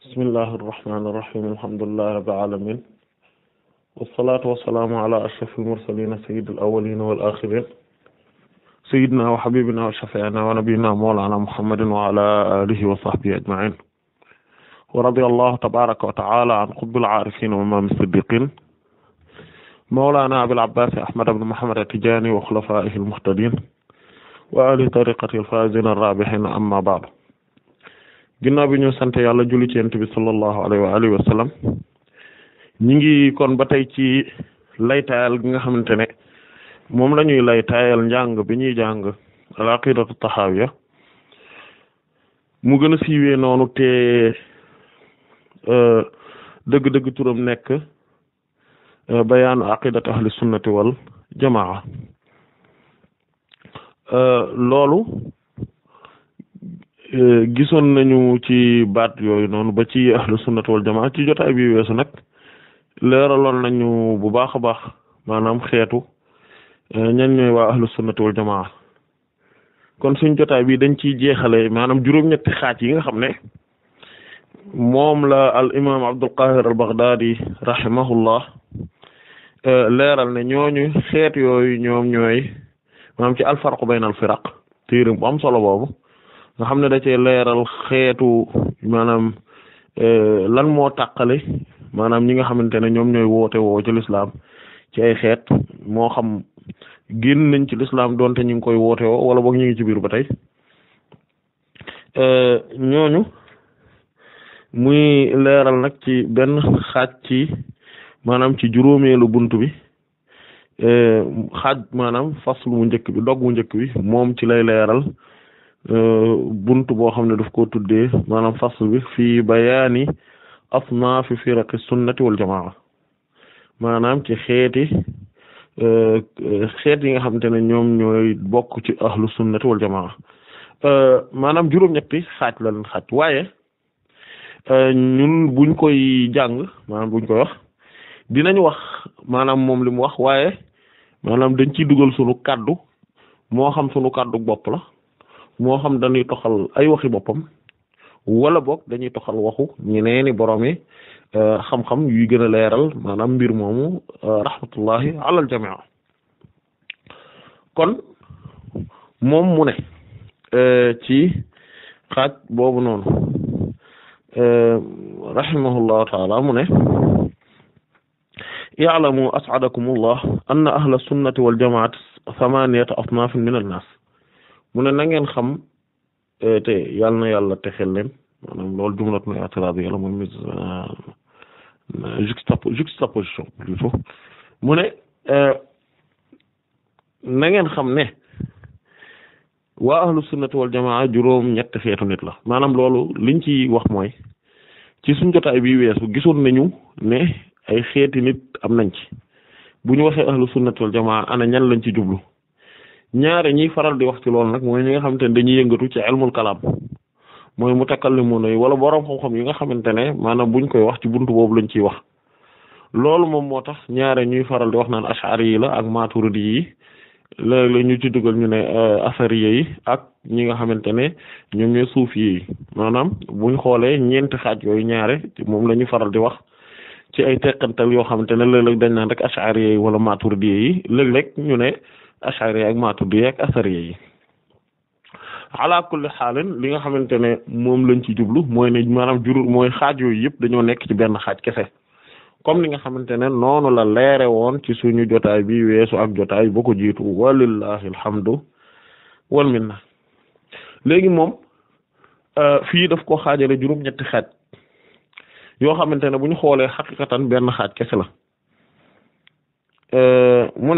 بسم الله الرحمن الرحيم الحمد لله رب العالمين والصلاة والسلام على أشرف المرسلين سيد الأولين والآخرين سيدنا وحبيبنا وشفيعنا ونبينا مولانا محمد وعلى آله وصحبه أجمعين ورضي الله تبارك وتعالى عن قطب العارفين وإمام الصديقين مولانا أبي العباس أحمد بن محمد التجاني وخلفائه المهتدين وآل طريقة الفائزين الرابحين أما بعد ginnaaw bi ñu sant yàlla julli ci yonent bi sallallahu alayhi wa ñi ngi kon ba tey ci laytaayal gi nga xamante ne moom la ñuy laytaayal njàng bi ñuy jàng al aqidatu tahawiya mu gën a siiwee noonu te e, dëgg-dëgg turam nekk e, bayaanu aqidatu ahli sunnati wal jamaa e, loolu Euh, gisoon nañu ci baat yooyu noonu ba ci ahlu sunnat jamaa ci jotaay bi weesu nag leeraloon nañu bu baax a baax maanaam xeetu euh, ñan ñooy waa ahlu sunnat jamaa kon suñ jotaay bi dañ ciy jeexale maanaam juróom-ñetti xaaj yi nga xam ne moom la al imam Abdul Qahir al Baghdadi rahimahullah euh, leeral ne ñooñu xeet yooyu ñoom ñooy maanaam ci alfarqu bayna al firaq téeram bu am solo boobu nga xam ne da cee leeral xeetu maanaam euh, lan moo tàqale maanaam ñi nga xamante ne ñoom ñooy woote woo ci lislaam ci ay xeet moo xam génn nañ ci lislaam donte ñu ngi koy woote woo wala boog ñu ngi ci biir ba tey euh, ñooñu muy leeral nag ci benn xaaj ci maanaam ci juróomeelu bunt bi euh, xaaj maanaam faslu mu njëkk bi dog mu njëkk bi moom ci lay leeral Euh, bunt boo xam ne daf ko tuddee maanaam fasl bi fii bayaani asnaafi firaqi sunnati wal jamaa maanaam ci xeeti euh, xeet yi nga xamante ne ñoom ñooy bokk ci ahlu sunnati wal jamaa euh, maanaam juróom-ñetti xaaj la leen xaaj waaye ñun buñ koy jàng maanaam buñ koy wax dinañ wax maanaam moom li mu wax waaye maanaam dañ ciy dugal sunu kaddu moo xam sunu kaddu bopp la mo xam dañuy toxal ay waxi bopam wala bok dañuy toxal waxu ñeneeni boroomi xam-xam yu gëna leral manam maanaam mbir moomu rahmatullahi al jamia kon mom mu ne ci xat bobu non rahimahullahu taala mu ne i'lamu as'adakum allah anna ahla sunnati wal jamaati thamaniyata asnafin min an mu ne na xam eh, te yàlla na yàlla texel leen lool loolu jumlatun i'tiradiyya mooy mise euh, juxtaposition plutôt mu ne eh, na ngeen xam ne waa ahlu sunnati wal jamaa juróom ñett xeetu la maanaam loolu liñ ci wax mooy ci suñ jotaay bi weesu gisoon nañu ne ay xeeti am nañ ci bu ñu waxee ahlu sunnati wal jamaa ana ñan lañ ci jublu ñaare ñiy faral di wax ci loolu nag mooy ñi nga xamante ne dañuy yëngatu ci ilmul kalaam mooy mu mutakallimuna yi wala borom xam-xam yi nga xamante ne maanaam buñ koy wax ci buntu boob lañ ciy wax loolu moom moo tax ñaare ñuy faral di wax naan ash'ari yi la ak maturidi yi ñu ci dugal ñu ne euh, asariya yi ak ñi nga xamante ne ñoom ñooy suuf yi maanaam buñ xoolee ñeenti xaaj yooyu ñaare moom la ñu faral di wax ci ay teqantal yoo xamante ne léeg-léeg dañ naan rek ash'ari yi wala maturidi yi lek ñu ne. achariya ak maturidiyya ak asariya yi ala kulli xaalin li nga xamante ne moom lañ ci jublu mooy ne maanaam jurul mooy xaaj yooyu yëpp dañoo nekk ci benn xaaj kese comme li nga xamante ne noonu la leere woon ci suñu jotaay bi weesu ak jotaay ba ko walillahi alhamdu wal minna léegi moom fii daf ko xaajale juróom ñetti xaaj yoo xamante ne bu ñu xoolee xaqiqatan benn xaaj kese mu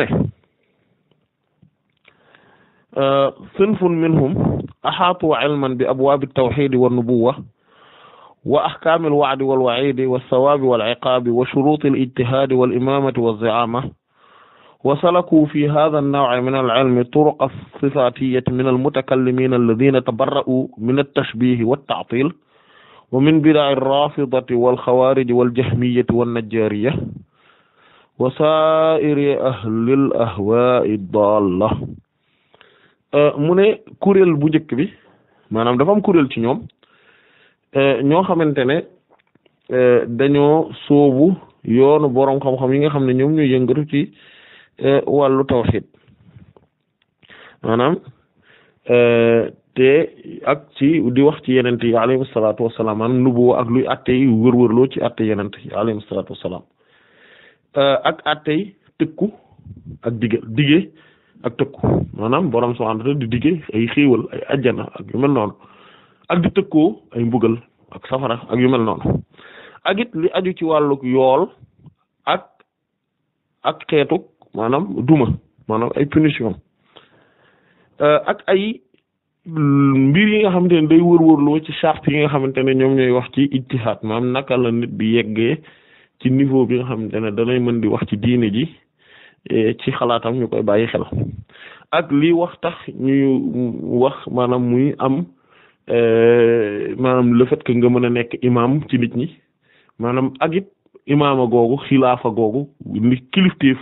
آه، صنف منهم احاطوا علما بابواب التوحيد والنبوه واحكام الوعد والوعيد والثواب والعقاب وشروط الاجتهاد والامامه والزعامه وسلكوا في هذا النوع من العلم طرق الصفاتية من المتكلمين الذين تبرؤوا من التشبيه والتعطيل ومن بدع الرافضة والخوارج والجهمية والنجارية وسائر أهل الأهواء الضالة Euh, mu ne kuréel bu njëkk bi maanaam dafa am kuréel ci ñoom euh, ñoo xamante ne euh, dañoo soobu yoonu boroom xam-xam yi nga xam ne ñoom ñoo yëngatu ci wàllu tawxiid maanaam te ak ci di wax ci yenent yi alayhim salaatu wassalaam maanaam nubuwa ak luy atte yi ci atte yenent yi alayhim salaatu ak atte yi ak tëkku maanaam borom subhaanahu wa di diggee ay xéewal ay ajjana ak yu mel noonu ak di tëkkoo ay mbugal ak safara ak yu mel noonu ak li aju ci wàllug yool ak ak xeetuk maanaam duma maanaam ay punition euh, ak ay mbir yi nga xamante ne day wër-wërloo ci charte yi nga xamante ne ñoom ñooy wax ci ijtihaad maanaam naka la nit bi yeggee ci niveau bi nga xamante ne danay mën di wax ci diine ji E, ci xalaatam ñu koy bàyyi xel ak lii wax tax ñuy wax maanaam muy am e, maanaam le fait que nga mën a nekk imam ci nit ñi maanaam agit imama imaama googu xilaafa googu li kilifteef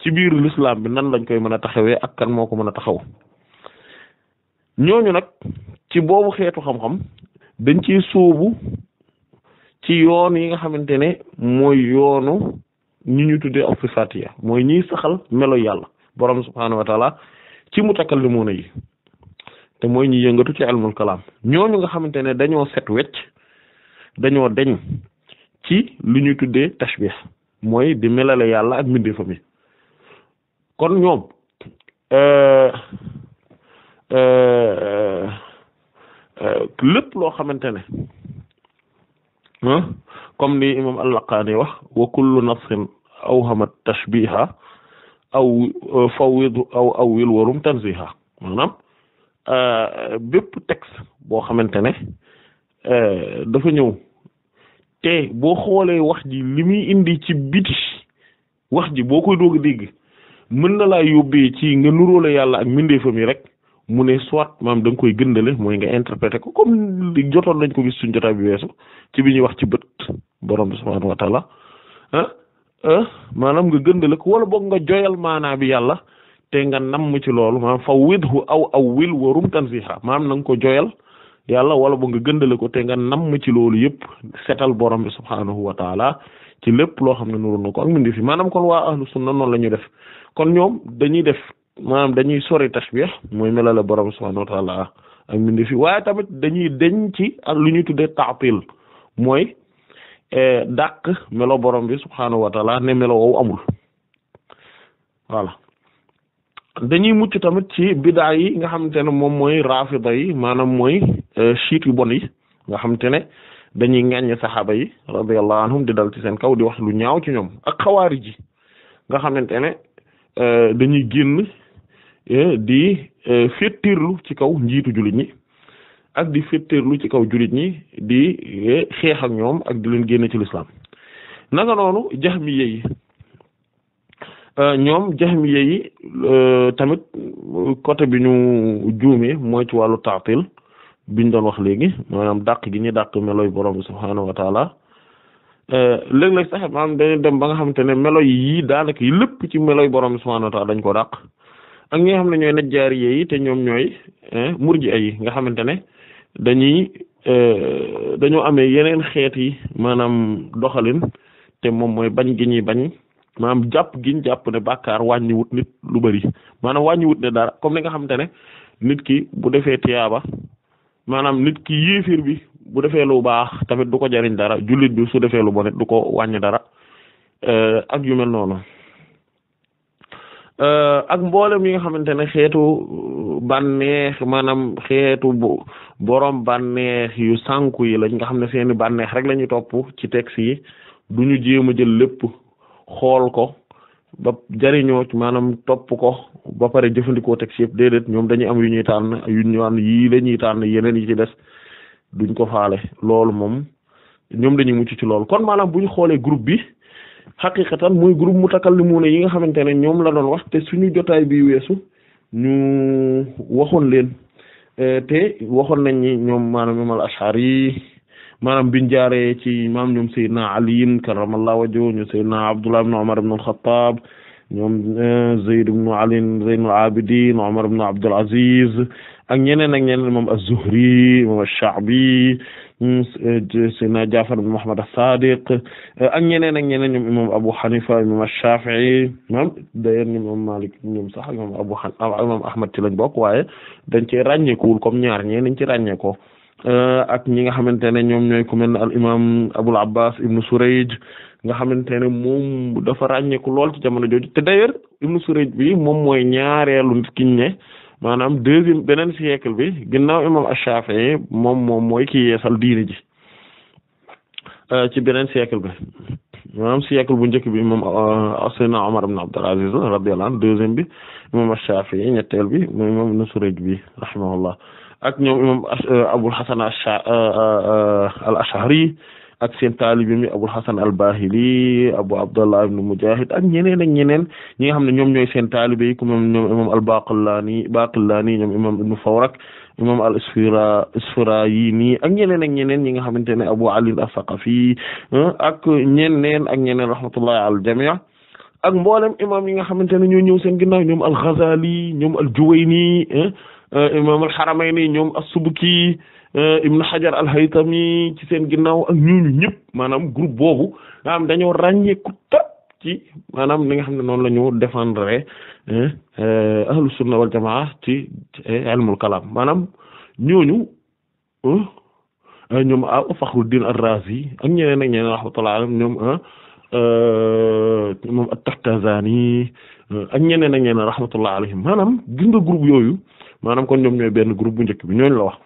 ci biir l'islam bi nan lañ koy mën a taxawee ak kan moo ko mën a taxaw ñooñu nag ci boobu xeetu xam-xam dañ ci sóobu ci yoon yi nga xamante ne mooy yoonu ñu ñuy tuddee ak mooy ñiy saxal melo yàlla borom subhaanahu wa taala ci mutakallimuuna yi te mooy ñi yëngatu ci ilmul kalaam ñooñu nga xamante ne dañoo set wecc dañoo deñ ci lu ñuy tuddee tashbih mooy di melale yàlla ak mbindeefam yi kon ñoom euh, euh, euh, lépp loo xamante ne ah, comme ni imam al-Laqaani wax wa kullu nafsin awhamat tashbiha aw uh, fawwid aw awwil warum tanziha maanaam uh, bépp texte boo xamante ne uh, dafa ñëw te boo xoolee wax ji li muy indi ci biti wax ji boo koy doog a dégg mën na laa yóbbee ci nga nuróole yàlla ak mbindeefam yi rek mu ne soit maam da nga koy gëndale mooy nga interpréter ko comme jotoon nañ ko gis suñ jotaay bi weesu ci bi ñuy wax ci bët borom bi subhaanahu Eh? maanaam nga gëndale ko wala boog nga joyal maanaa bi yàlla te nga namm ci loolu maanaam fawwidhu aw awwil warum tanziha maanaam maam nga ko joyal yàlla wala boog nga gëndale ko te nga namm ci loolu yëpp setal borom bi subhaanahu wa taala ci lépp loo xam ne nuru na ko ak mindi fi maanaam kon waa ahlu sunna noonu la ñu def kon ñoom dañuy def maanaam dañuy sori tashbih mooy melale borom subhaanahu wa taala ak mindi fi waaye tamit dañuy deñ ci lu ñuy tuddee ta'til mooy Eh, dàq melo borom bi subhaanahu ne melo woowu amul voilà dañuy mucc tamit ci bidaa yi nga xamante ne moom mooy rafida yi maanaam mooy eh, chiite bon yi nga xamante ne dañuy ŋàññe saxaaba yi radiyallahu anhum di dal ci seen kaw di wax lu ñaaw ci ñoom ak xawaari ji nga xamante ne eh, dañuy génn di féttirlu ci kaw njiitu jullit ak di féttéerlu ci kaw julit ñi di eh, xeex ak ñoom ak di leen génne ci lislaam naka noonu jaxmiye yi eh, ñoom jaxmiye yi eh, tamit côté bi ñu juumee mooy ci wàllu taatil biñ doon wax léegi maanaam daq gi ñuy dàq melooy borom bi subhaanahu wa taala léeg sax maanaam dañu dem ba nga xamante ne melo yi daanaka yi lépp ci melooy borom bi subhaanahu wa taala dañ ko dàq ak ñi xam ne ñooy jaar yi te ñoom ñooy murji ay nga xamante ne dañuy euh, dañoo amee yeneen xeet yi maanaam doxalin te moom mooy bañ gi ñuy bañ maanaam jàpp gi ñu jàpp ne bàkkaar wàññiwut nit lu bari maanaam wàññiwut ne dara comme ni nga xamante ne nit ki bu defee tiyaaba maanaam nit ki yéefir bi bu defee lu baax tamit du ko jariñ dara julit bi su defee lu bon du ko wàññi dara euh, ak yu mel noonu. Euh, ak mboolem yi nga xamante ne xeetu euh, bànneex maanaam xeetu bu borom bànneex yu sànku yi lañ nga xam ne seeni bànneex rek la topp ci texte yi du ñu jéem a jël lépp xool ko ba jariñoo maanaam topp ko ba pare jëfandikoo texte yëpp déedéet ñoom dañu am yu ñuy tànn yu ñu am yii la yeneen yi ci des duñ ko faale loolu moom ñoom dañu mucc ci loolu kon maanaam bu ñu xoolee groupe bi. xaqiqatan muy groupe mutakallimuna yi nga xamante ne ñoom la doon wax su suñu jotaay bi weesu ñu waxoon leen eh, te waxoon nañ ni ñoom maanaam imam al-Ash'ari maanaam biñ jaaree ci maam ñoom Seydina Ali karramallahu wajhu ñu Seydina Abdullah ibn Umar ibn al-Khattab ñoom eh, Zayd ibn Ali Zaynul Abidin Umar ibn Abdul Aziz ak ñeneen ak ñeneen moom az Eh, Seydina Jaafar ibn Muhammad as-Sadiq eh, ak ñeneen ak ñeneen ñoom imam Abu Hanifa imam Shafi'i mam d'ailleurs ñoom imam Malik ñoom sax imam Abu Hanifa ah, imam Ahmad ci lañ bokk waaye dañ ci ràññeekuwul comme ñaar ñee dañ ci ràññeekoo eh, ak ñi nga xamante ne ñoom ñooy ku mel ne al imam Abul Abbas ibn Surayj nga xamante ne moom dafa ràññeeku lool ci jamono jooju te d'ailleurs ibn Surayj bi moom mooy ñaareelu nit ki ñu ne maanaam deuxième beneen siècle bi ginnaaw imam Ash-Shafi'i moom moom mooy ki yeesal diine ji euh, ci beneen siècle bi maanaam siècle bu njëkk bi imam euh, Seydina Omar ibn Abdul Aziz radiyallahu anhu deuxième bi imam Ash-Shafi'i ñetteel bi mooy imam Ibn Surayj bi rahimahullah ak ñoom imam euh, Abul al-Ash'ari ak seen taalibi mi Abul Hasan al-Bahili Abu Abdullah ibn Mujahid ak ñeneen ak ñeneen ñi nga xam ne ñoom ñooy seen taalibe yi ku ñoom ñoom imam al-Baqillani Baqillani ñoom imam ibn Fawrak imam al-Isfira Isfirayini ak ñeneen ak ñeneen ñi nga xamante ne Abu Ali al-Thaqafi ak ñeneen ak ñeneen rahmatullahi ala al-jami' ak mboolem imam yi nga xamante ñoom al-Ghazali ñoom al-Juwayni imam al-Haramayni ñoom as-Subki Euh, Ibn Hajar al-Haytami ci seen ginnaaw ak ñooñu ñépp maanaam groupe boobu nga am dañoo ràññeeku trop ci manaam li nga xam ne noonu la ñu défendre euh, ahlu sunna wal jamaa ci eh, ilmul kalaam maanaam ñooñu euh, ñoom ah Fakhruddin ar-Razi ak ñeneen ak ñeneen rahmatullah alayhim ñoom ah moom at-Tahtazani ak ñeneen ak ñeneen rahmatullah alayhim maanaam gis nga groupe yooyu maanaam kon ñoom ñooy benn groupe bu njëkk bi ñooñu la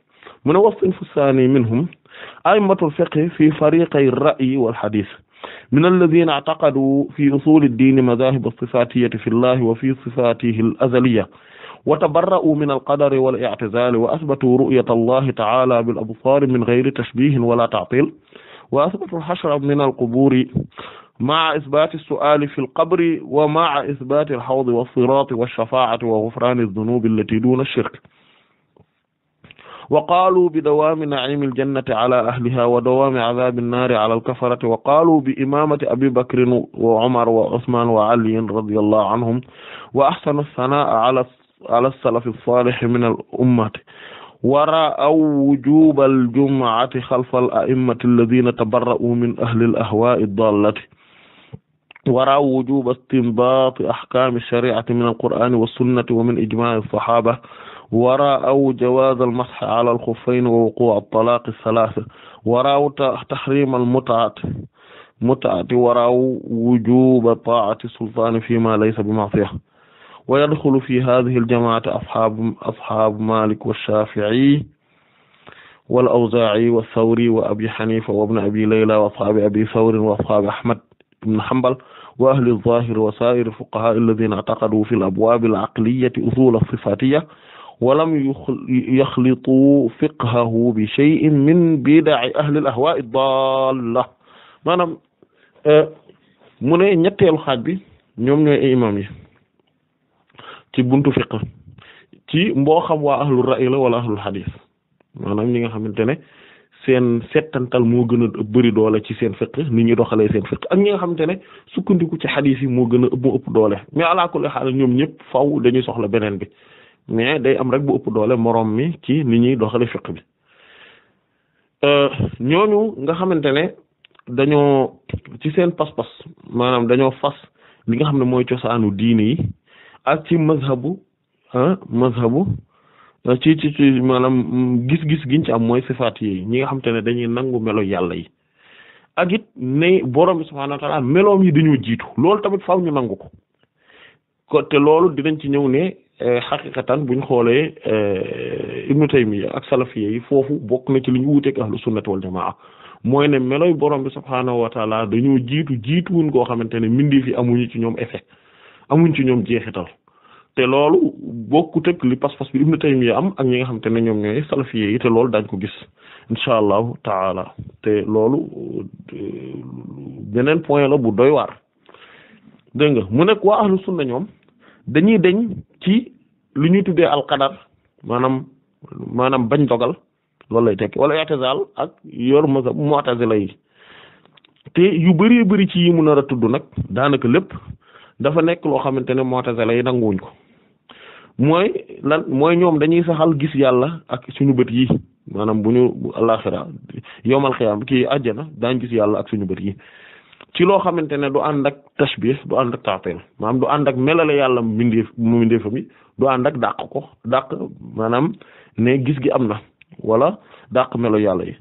من وصف الثاني منهم أئمة الفقه في فريقي الرأي والحديث من الذين اعتقدوا في أصول الدين مذاهب الصفاتية في الله وفي صفاته الأزلية وتبرأوا من القدر والاعتزال وأثبتوا رؤية الله تعالى بالأبصار من غير تشبيه ولا تعطيل وأثبتوا الحشر من القبور مع إثبات السؤال في القبر ومع إثبات الحوض والصراط والشفاعة وغفران الذنوب التي دون الشرك وقالوا بدوام نعيم الجنة على أهلها ودوام عذاب النار على الكفرة وقالوا بإمامة أبي بكر وعمر وعثمان وعلي رضي الله عنهم وأحسن الثناء على على السلف الصالح من الأمة ورأوا وجوب الجمعة خلف الأئمة الذين تبرؤوا من أهل الأهواء الضالة ورأوا وجوب استنباط أحكام الشريعة من القرآن والسنة ومن إجماع الصحابة ورأوا جواز المسح على الخفين ووقوع الطلاق الثلاثة ورأوا تحريم المتعة متعة ورأوا وجوب طاعة السلطان فيما ليس بمعصية ويدخل في هذه الجماعة أصحاب أصحاب مالك والشافعي والأوزاعي والثوري وأبي حنيفة وابن أبي ليلى وأصحاب أبي ثور وأصحاب أحمد بن حنبل وأهل الظاهر وسائر الفقهاء الذين اعتقدوا في الأبواب العقلية أصول الصفاتية walam yaxlitu fiqhahu bi cheyin min bidaai ahli lahwai la maanaam e, mu ne ñetteelu xaaj bi ñoom ñooy ay imam yi ci buntu fiq ci mboo xam waa ahlul ra'yi la wala ahlul xadis maanaam ñi nga xamante ne seen settantal moo gën a bëri doole ci seen fiq ni ñuy doxalee seen fiq ak ñi nga xamante ne sukkandiku ci xadis yi moo gën a moo ëpp doole mais alaakulli xaal ñoom ñëpp faw dañuy soxla beneen bi mais day am rek bu ëpp doole moroom mi ci ni ñuy doxale fiqh bi euh, ñooñu nga xamante ne dañoo ci seen pas-pas maanaam dañoo fas li nga xam ne mooy cosaanu diine yi ak ci mazhabu ah mazhabu euh, ci ci ci maanaam gis-gis giñ ci mooy sifaat yi ñi nga xamante ne dañuy nangu melo yàlla yi ak it ne borom bi subhaanahu wa ta'ala meloom yi dañoo jiitu loolu tamit faaw ñu nangu ko te loolu dinañ ci ñëw ne Euh, xaqiqatan buñ xoolee euh, ibnu taymiya ak salafiyé yi foofu bokk na ci li ñu wuuteeg ahlu sunnati wal jamaa mooy ne meloy borom bi subhaanahu wa taala dañoo jiitu jiituwuñ koo xamante ne mbindeef yi amuñu ci ñoom effet amuñ ci ñoom jeexital te loolu bokkut ak li pas-pas bi ibnu taymiya am ak ñi nga xamante ne ñoom ñooy salafiyé yi te loolu daañ ko gis incha allahu taala te loolu euh, beneen point la bu doy waar dégg nga mu nekk waa ahlu sunna ñoom dañuy deñ ci lu ñuy tuddee alqadar maanaam maanaam bañ dogal loolu lay tekki wala i'tizal ak yor mazhab mu'tazila yi te yu bëri bëri ci yi mu nar a tudd nag daanaka lépp dafa nekk loo xamante ne mu'tazila yi nanguwuñ ko mooy lan mooy ñoom dañuy saxal gis yàlla ak suñu bët yi maanaam bu ñu àllaaxira yowmal xiyaam kii àjjana daañ gis yàlla ak suñu bët yi ci lo xamantene du and ak tashbih du and ak tatil manam du and ak melale yalla mbindeef mu mbindeefam yi du and ak dak ko dak manam ne gis gi amna wala dak melo yalla yi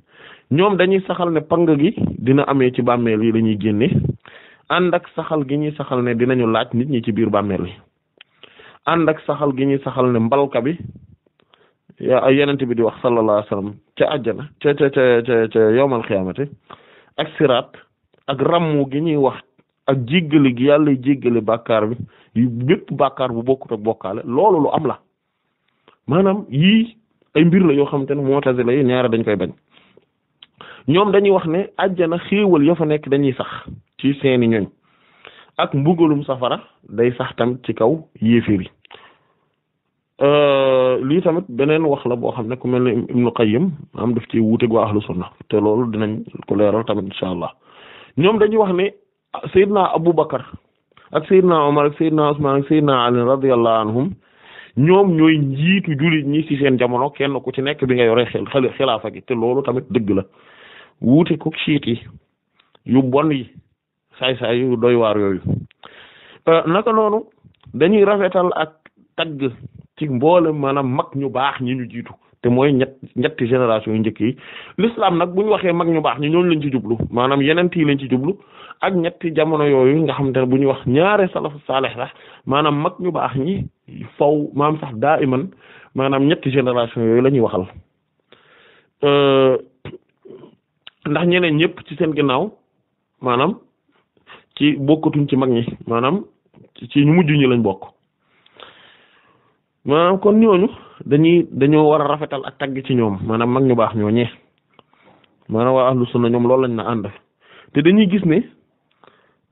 ñom dañuy saxal ne pang gi dina amé ci bammel yi lañuy ñuy sahal gini ak saxal gi ñi saxal ne dinañu laaj nit ñi ci biir sahal yi and ak saxal gi ñi saxal ne mbalka bi yenent ya, bi di wax sallallahu alayhi wasallam ci aljana ci ci ci ak sirat ak rammu gi ñuy wax ak jéggale gi yàlla jéggale bàkkaar bi bépp bàkkaar bu bokkut ak bokkaale loolu lu am la maanaam yii ay mbir la yoo xamante ne mu'tazila yi ñaara dañ koy bañ ñoom dañuy wax ne àjjana xéewal ya fa nekk dañuy sax ci seeni ñoñ ak mbugalum safara day sax tamit ci kaw yéeféer yi euh, lii tamit beneen wax la boo xam ne ku mel ne Ibnu Qayyim am daf ci wuute gu ahlu sunna te loolu dinañ ko leeral tamit incha allah ñoom dañuy wax ne Seydina Aboubacar ak Seydina Omar ak Seydina Ousmane ak Seydina Ali radiyallahu anhum ñoom ñooy njiitu jullit ñi ci seen jamono kenn ku ci nekk bi nga yore xel xilaafa gi te loolu tamit dëgg la wuute ko siit yi yu bon yi saay-saay yu doy waar yooyu euh, naka noonu dañuy rafetal ak tagg ci mboole maanaam mag ñu baax ñi ñu jiitu te mooy ñetti génération yu njëkk yi l'islam nag bu ñu waxee mag ñu baax ñi ñooñu lañ ci jublu maanaam yeneen yi lañ ci jublu ak ñetti jamono yooyu nga xamante ne bu ñu wax ñaare salafu saalih la maanaam mag ñu baax ñi faw maam sax daa iman maanaam ñetti génération yooyu la ñuy waxal euh, ndax ñeneen ñëpp ci seen ginnaaw maanaam ci bokkatuñ ci mag ñi maanaam ci ñu mujj ñi lañ bokk maanaam kon ñooñu dañuy dañoo war a rafetal ak tagg ci ñoom maanaam mag ñu baax ñoo ñee maanaam waa ahlu sunna ñoom loolu lañ na ànd te dañuy gis ne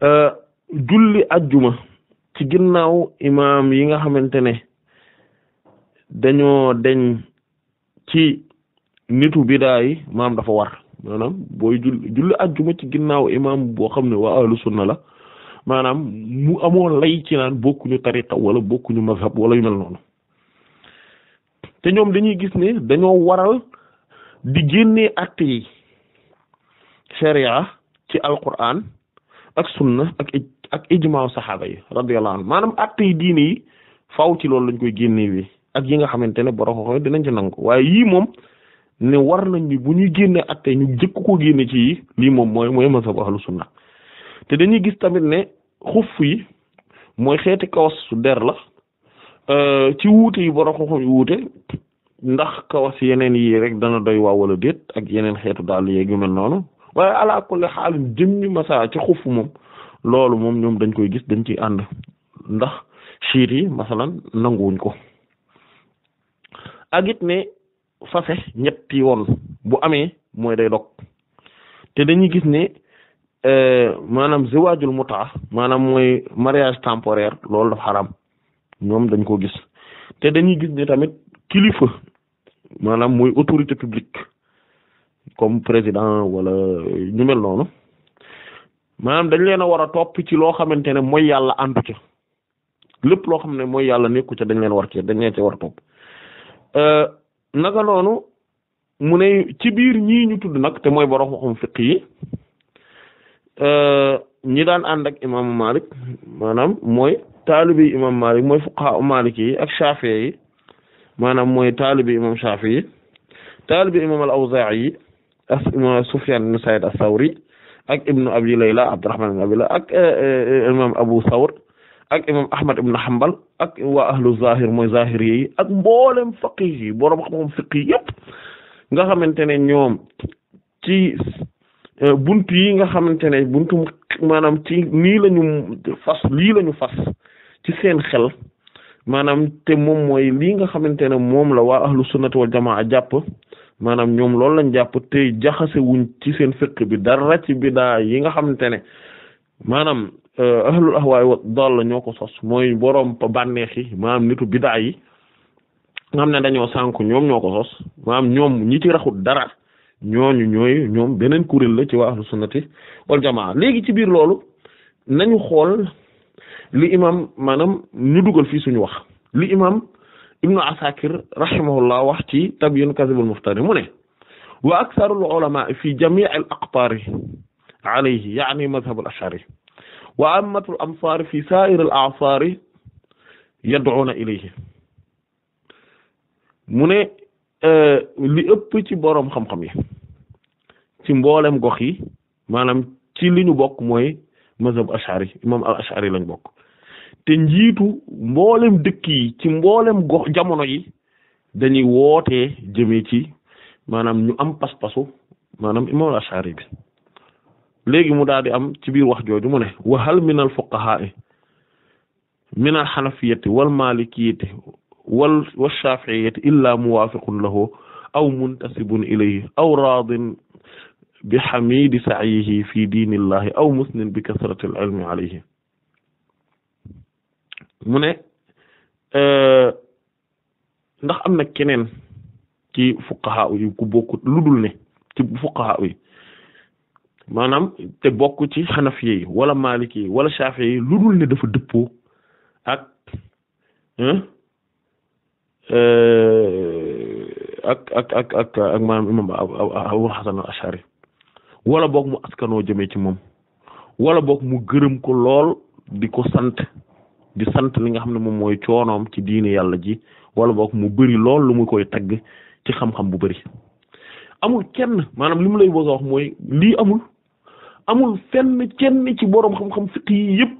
euh, julli ajjuma ci ginnaaw imaam yi nga xamante ne dañoo deñ ci nitu bidaa yi maam dafa war maanaam booy julli julli ajjuma ci ginnaaw imaam boo xam ne waa ahlu sunna la maanaam mu amoo lay ci naan bokkuñu tariqa wala bokkuñu mazhab wala yu mel noonu te ñoom dañuy gis ne dañoo waral di génnee atte yi sharia ci alquran ak sunna ak ak ijmaaw saxaaba yi radiyallahu anhu maanaam atte yi diine yi faaw ci loolu lañ koy génnee wi ak yi nga xamante ne borom xam dinañ ci nangu waaye yii moom ne war nañ ni bu ñuy génne atte ñu jëkk ko génne ci yi lii moom mooy mooy mazhab ahlu sunna te dañuy gis tamit ne xuf yi mooy xeeti kawas su der la Euh, ci wuute yi borom xam-xam yu wuute ndax kawas yeneen yi rek dana doy waa wala déet ak yeneen xeetu daal yeeg yu mel noonu waaye ala kulli xaal jëmmi masa ci xuf moom loolu moom ñoom dañ koy gis dañ ciy ànd ndax siit yi masalan nanguwuñ ko ak it ne fase ñetti woon bu amee mooy day dog te dañuy gis ne euh, maanaam ziwaajul motaa maanaam mooy mariage temporaire loolu dafa xaram ñoom dañ ko gis te dañuy gis ne tamit kilifa maanaam mooy autorité publique comme président wala ñu mel noonu maanaam dañ leen a war a topp ci loo xamante ne mooy yàlla àndu ca lépp loo xam ne mooy yàlla nekku ca dañ leen war ci dañ leen ci war a topp euh, naka noonu mu ne ci biir ñii ñu tudd nag te mooy borom xam fiq yi euh, ñi daan ànd ak imaamu Malik maanaam mooy talibi imam Malik moy fuqaha maliki ak Shafi'i manam moy talibi imam Shafi'i talibi imam al-Awza'i asma Sufyan ibn Sa'id as-Sawri ak ibnu Abi Layla Abdurrahman ibn Abi Layla ak imam Abu Thawr ak imam Ahmad ibn Hanbal ak wa ahlu zahir moy zahiri ak mbolam faqihi borom xam-xam fiqh yëpp nga xamantene ne ñoom ci buntu yi nga xamantene buntu manam ci ni lañu fas li lañu fas ci seen xel maanaam te moom mooy lii nga xamante ne moom la wa ahlu sunnati wal jamaa jàpp maanaam ñoom loolu lañ jàpp te jaxase wuñ ci seen fiqh bi dara ci bidaa yi nga xamante ne maanaam euh, ahlul ahwaay wa la ñoo ko sos mooy boroom bànneex yi maanaam nitu bidaa yi nga ne dañoo sànku ñoom ñoo ko sos maanaam ñoom ñi ci raxut dara ñooñu ñooy ñoom beneen kuréel la ci waa ahlu sunnati wal jamaa léegi ci biir loolu nañu xool li imam manam ñu duggal fi suñu wax li imam ibnu asakir rahimahullah wax ci tabyin kasibul muftari mu ne wa aktharul ulama fi jami' al aqtar alayhi yani madhhab al ash'ari wa ammat al amsar fi sa'ir al a'sar yad'una ilayhi mu ne li ëpp ci borom xam-xam yi ci mboolem gox yi manam ci liñu bok moy mazhab ash'ari imam al ash'ari lañ bok te njiitu mboolem dëkk yi ci mboolem gox jamono yi dañuy wootee jëmee maanaam ñu am pas-pasu maanaam imam ashari mu daal di am ci biir wax jooju mu ne wa hal min al min al wal maalikiyyati wal wa shaafi'iyyati illaa muwaafiqun lahu aw muntasibun ilayhi aw raadin bi xamiidi sa'yihi fi diinillahi aw musnin bi kasratil ilmi alayhi mu ne euh, ndax am na keneen ci fuqaha yi ku bokkut lu dul ne ci fuqaha yi maanaam te bokk ci xanafi yi wala maliki wala shafi lu dul ne dafa dëppoo ak euh, ak ak ak ak ak maanaam imam wala boog mu askanoo jëmee ci moom wala boog mu gërëm ko lool di ko sant di sant li nga xam ne moom mooy coonoom ci diine yàlla ji wala boog mu bëri lool lu mu koy tagg ci xam-xam bu bëri amul kenn maanaam li mu lay bëgg a wax mooy lii amul amul fenn kenn ci borom xam-xam fiq yëpp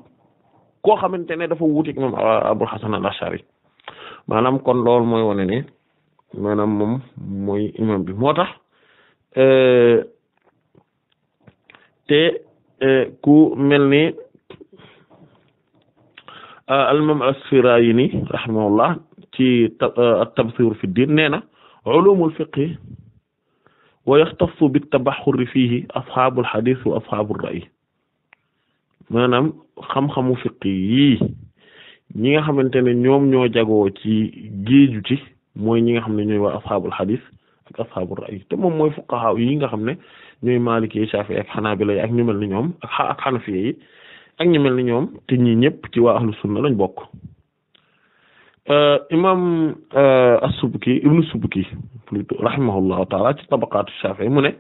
koo xamante ne dafa wuuteeg moom ah, Abul Hasan al-Ash'ari maanaam kon lool mooy wane ne maanaam moom mooy imam bi moo tax euh, te euh, ku mel ni al imam as-Sirayini rahimahullah ci at-Tabthir fi diin nee na ulumul fiqh wa yaxtassu bit-tabaxxur fiihi ashaabul hadiis wa ashaabur ra'y maanaam xam-xamu fiqh yi ñi nga xamante ne ñoom ñoo jagoo ci géeju ci mooy ñi nga xam ne ñooy waa ashaabul hadiis ak ashaabur ra'y te moom mooy fuqaha yi nga xam ne ñooy Maaliki Shaafi'i ak Hanaabila ak ñu mel ni ñoom ak ak Hanafi yi ak ñu melni ni ñoom te ñi ñëpp ci wa ahlus sunna lañ bok euh imam euh as-subki ibnu subki plutôt rahimahullahu taala ci tabaqat ash-shafi'i mu ne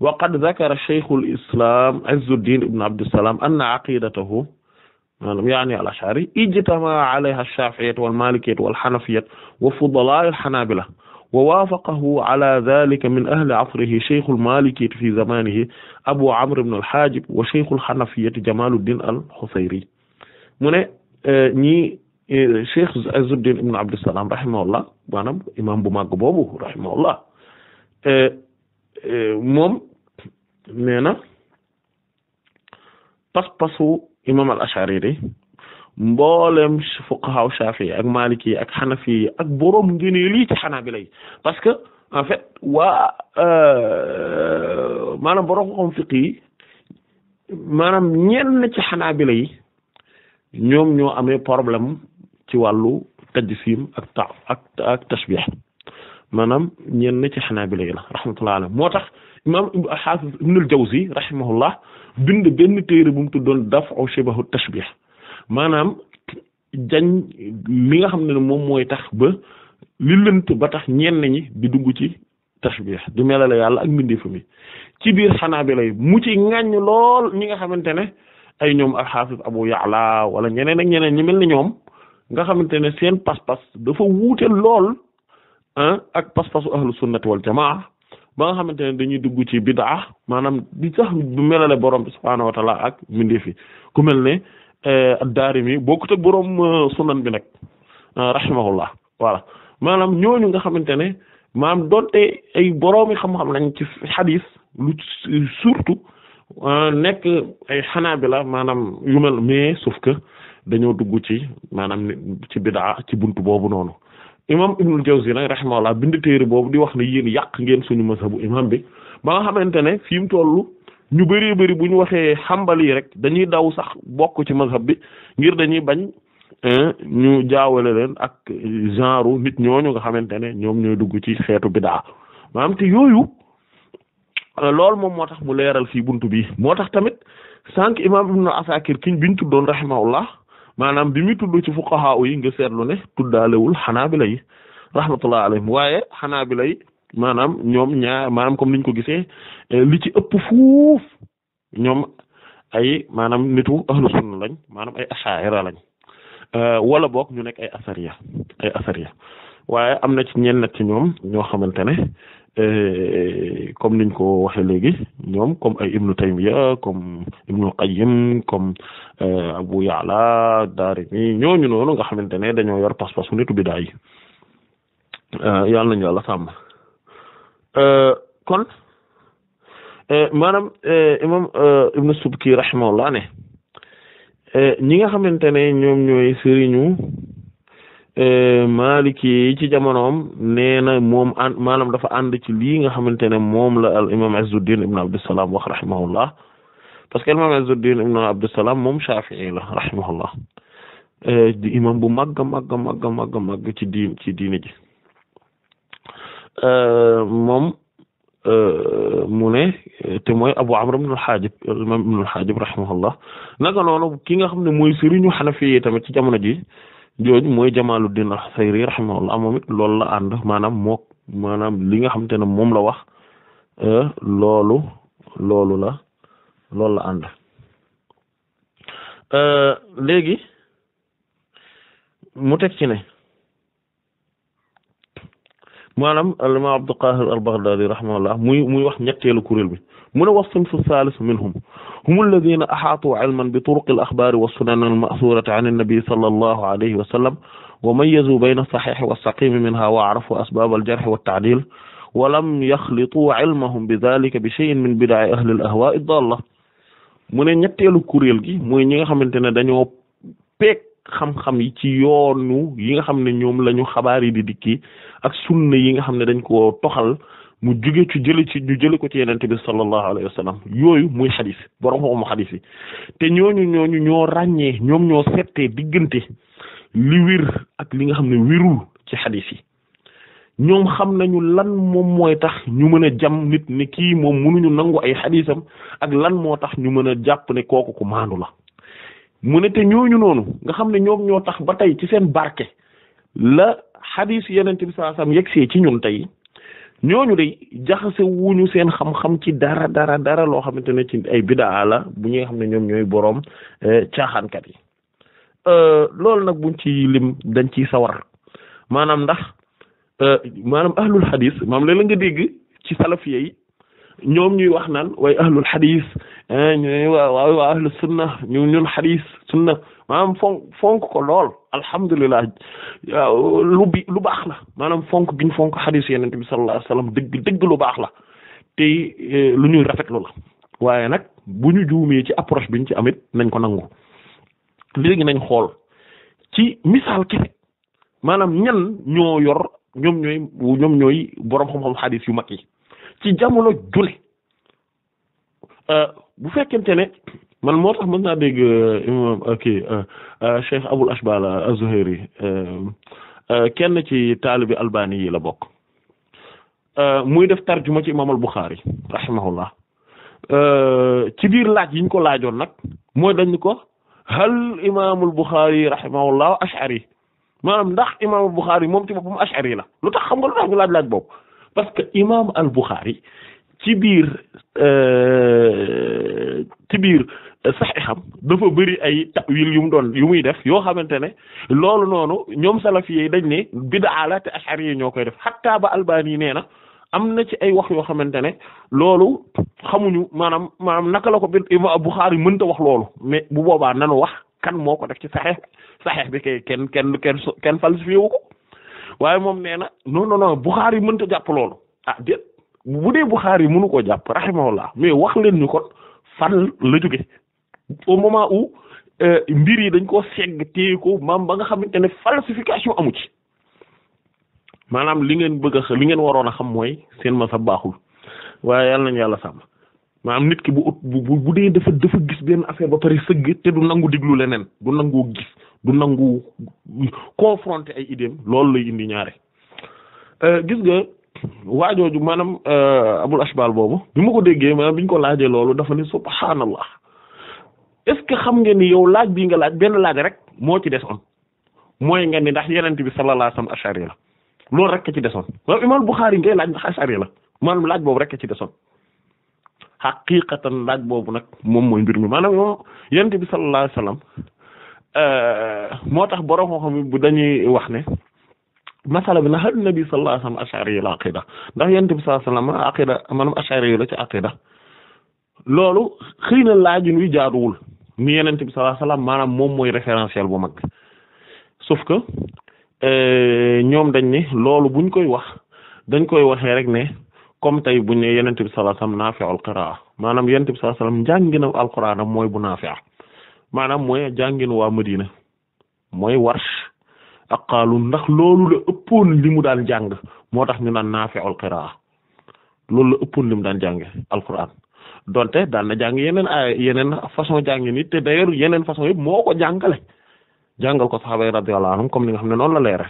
wa qad dhakara shaykh al-islam az-zuddin ibn abd as salam anna aqidatuhu manam yani al-ash'ari ijtama alayha ash-shafi'iyyah wal malikiyyah wal hanafiyyah wa fudala al hanabilah ووافقه على ذلك من أهل عصره شيخ المالكية في زمانه أبو عمرو بن الحاجب وشيخ الحنفية جمال الدين الحصيري من ني شيخ عزب الدين بن عبد السلام رحمه الله وانا إمام بماغ بوبو رحمه الله موم نينا بس بسو إمام الأشعريري mboolem fuqaha Shafi'i ak Maliki ak Hanafi ak borom ngëneel yi ci Hanabila yi parce que en fait waa euh, maanaam borom xam fiqh yi maanaam ñenn ci Hanabila yi ñoom ñoo amee problème ci wàllu tajsim ak ta ak ak tashbih maanaam ñenn ci Hanabila yi la rahmatullah alayhi moo tax imam Hafiz Ibn al-Jawzi rahimahullah bind benn téere bu mu tuddoon daf'u shibahu tashbih maanaam jañ li nga xam ne moom mooy tax ba li ba tax ñenn ñi di dugg ci tashbih du melale yàlla ak mbindeefu ci biir xanaa bi lay mu ci ŋàññ lool ñi nga xamante ne ay ñoom ak xaafis abu ya'la wala ñeneen ak ñeneen ñi mel ni ñoom nga xamante ne seen pas-pas dafa wuute lool ah ak pas-pasu ahlu sunnati wal jamaa ba nga xamante ne dañuy dugg ci bidaa maanaam di sax du melale borom bi subhaanahu ak mbindeef yi ku mel ne Eh, ad-Daarimi bokkut ak borom eh, sunan bi nag eh, rahimahullah voilà maanaam ñooñu nga xamante ne maam donte ay boroomi xam-xam lañ ci xadis lu surtout nekk ay xanaabila maanaam yu mel mais suuf que dañoo dugg ci maanaam ci bidaa ci buntu boobu noonu imam Ibnul Jawzi nag rahimahullah bind téere boobu di wax ne yéen yàq ngeen suñu mazhabu imam bi ba nga xamante ne fi mu tollu ñu bëri bëri bu ñu waxee xambal yi rek dañuy daw sax bokk ci mazhab bi ngir dañuy bañ ñu jaawale leen ak genre nit ñooñu nga xamante ne ñoom ñooy dugg ci xeetu bidaa maanaam te yooyu euh, loolu moom moo tax mu leeral fii buntu bi moo tax tamit sànq imam ibnu asakir kiñ biñ tuddoon rahimahullah maanaam bi muy tudd ci fuqaha yi nga seetlu ne tuddaalewul xanaa yi rahmatullah alayhim waaye xanaa yi maanaam ñoom ñaar maanaam comme niñ ko gisee euh, li ci ëpp fuuf ñoom ay maanaam nitu ahlu sunna lañ maanaam ay asaira lañ euh, wala boog ñu nekk ay asariya ay asariya waaye am na ci ñenn nag ci ñoom ñoo xamante ne euh, comme niñ ko waxee léegi ñoom comme ay ibnu taymiya comme ibnu qayyim comme abu ya'la daarimi ñooñu noonu nga xamante ne dañoo yor pas-pasu nitu bidaa yi yàlla nañu yàlla Euh, kon euh, maanaam euh, imam Ibn Subki rahimahullah ne ñi nga xamante ne ñoom ñooy sëriñu Maliki yi ci jamonoom nee na moom an maanaam dafa ànd ci lii nga xamante ne moom la al imam Izzuddin ibn Abdussalam wax rahimahullah parce que al imam Izzuddin ibn Abdussalam moom Shafi'i la rahimahullah di bu màgg màgg màgg màgg màgg ci diin ci diine Euh, moom euh, mu ne te mooy Abu Amr ibn al-Hajib imam ibn al-Hajib noonu ki nga xam ne mooy sëriñu Hanafi tamit ci jamono ji jooju mooy Jamaluddin as-Sayri rahimahullah moom it loolu la ànd maanaam mook maanaam li nga xamante ne moom la wax euh, loolu loolu la loolu la ànd léegi mu teg ci ne manam al imaam Abdul Qaahir al-Baghdaadi rahimahullah muy muy wax ñetteelu kurel bi muna ne wa salis minhum hum alladhina ahatu ilman bi turuq al akhbar wa sunan al mathura an an-nabi sallallahu alayhi wa sallam wa mayyazu bayna as-sahiih wa saqim minha wa arafu asbab al-jarh wa at-ta'diil wa lam yakhliṭu ilmahum bi dhalika bi shay'in min bidaa'i ahli al ahwa ad-daalla muna ne kurel gi mooy ñi nga xamantene dañoo pek xam-xam yi ci yoonu yi nga xam ne ñoom lañu xabaar yi di dikki ak sunna yi nga xam ne dañ ko toxal mu jóge ci jële ci ñu jële ko ci yenente bi sallallahu alayhi wa yooyu muy xadis borom xamu xadis te ñooñu ñooñu ñoo ràññee ñoom ñoo settee diggante li wir ak li nga xam ne wirul ci xadis ñoom xam nañu lan moom mooy tax ñu mën a jam nit ne kii moom mënuñu nangu ay xadisam ak lan moo tax ñu mën a jàpp ne kooku ku maandu la mu ne te ñooñu noonu nga xam ne ñoom ñoo tax ba tey ci seen barke la xadiis yenente bi sallallahu alayhi wasallam yegsee ci ñun tey ñooñu de jaxase seen xam ci dara dara dara loo xamante ne ci ay bidaa bu ñuy xam ne ñoom ñooy boroom eh, caaxaankat yi euh, loolu nag buñ ci lim dañ ciy sawar maanaam ndax euh, maanaam ahlul hadis maanaam léeg la nga dégg ci salafiye yi ñoom ñuy wax naan waaye ahlul hadis ñu waaw waaw waa ahlu sunna ñu ñun xadis sunna maanaam fonk ko lool alhamdulilah lu bi lu baax la maanaam fonk biñ fonk xadis yenente bi sallallahu alayhi wasallam dëgg dëgg lu baax la tey eh, lu ñuy rafetlu la waaye nag bu ñu juumee ci approche biñ ci amit nañ ko nangu léegi nañ xool ci misaal kese maanaam ñan ñoo yor ñoom ñooy borom ñooy boroom xam yu mag yi ci jamono jule eh, bu fekkente ne man motax man na deg dégg imam kii Cheikh Abul Ashbal azhari zuhairi kenn ci taalibi albani yi la bok euh muy def tarjuma ci imam al-Bukhari rahimahullah ci bir laaj yiñ ko laajoon nak moy dañ ko hal imam al Bukhari rahimahullah ash'ari manam ndax imam al Bukhari mom ci bopum ash'ari la lutax xam nga lutax ñu laaj laaj boobu parce que imam al-Bukhari ci bir Euh, ci biir saxiixam dafa bëri ay tawil yu mu doon yu muy def yoo xamante ne loolu noonu ñoom salafiyey dañ ne bidaa la te ashari ñoo koy def xataa ba albani nee na am na ci ay wax yoo xamante ne loolu xamuñu maanaam maanaam naka la ko bi imam Buxaari mënta wax loolu mais bu boobaa nanu wax kan moo ko def ci saxiix saxiix bi kay kenn kenn kenn kenn falsifié wu ko waaye moom nee na non non non Buxaari mënta jàpp loolu ah déet bu dee Buxaari mënu koo jàpp rahimahullah mais wax leen ñu kon fan la jóge au moment où euh, mbir yi dañ koo segg téye ko maam ba nga xamante ne falsification amu ci maanaam li ngeen bëgg a li ngeen waroon a xam mooy seen ma sa baaxul waaye yàlla nañ yàlla sàmm maanaam nit ki bu ut bu bu dee dafa dafa gis benn affaire ba pare sëgg te du nangu diglu leneen du nangu gis du nangu confronter ay idéem loolu lay indi ñaare euh, gis nga. waajooju maanaam euh, abul ashbal boobu bi ma ko déggee maanaam bi ñu ko laajee loolu dafa ne subhaanallah est-ce que xam ngeen ni yow laaj bii nga laaj benn laaj rek moo ci desoon mooy nga ni ndax yenent bi sallallahu alayhi wasallam ashari loolu rek ci desoon maanaam imam Bukhari ngay laaj ndax ashari la maanaam laaj boobu rek ci desoon xaqiqatan laaj boobu nag moom mooy mbir mi maanaam yow yenent bi sallallahu alayhi wasallam euh, moo tax borom xam bu dañuy wax ne. masala bi na hal nabi sallallahu alayhi wa sallam ashari yi la aqida ndax yonent bi aqida maanaam ashari la ci aqida loolu xëy na laajun wi jaaduwul ni yonent bi sallallahu moom mooy référentiel bu mag sauf que euh, ñoom dañ ne loolu buñ koy wax dañ koy waxee rek ne comme tey buñ ne yonent bi sallallahu alayhi wa sallam naafi'ul qira'a maanaam yonent bi wa sallam njàngina alquraan mooy bu naafi' maanaam aqaalu ndax loolu la ëppoon li mu daan jàng moo tax ñu naan naafi'ul qiraa loolu la ëppoon li mu daan jànge alquran donte daan na jàng yeneen ay yeneen façon jàngin it te d'ailleurs yeneen façon yëpp moo ko jàngale jàngal ko saxaaba yi radiyallahu anhum comme li nga xam ne noonu la leere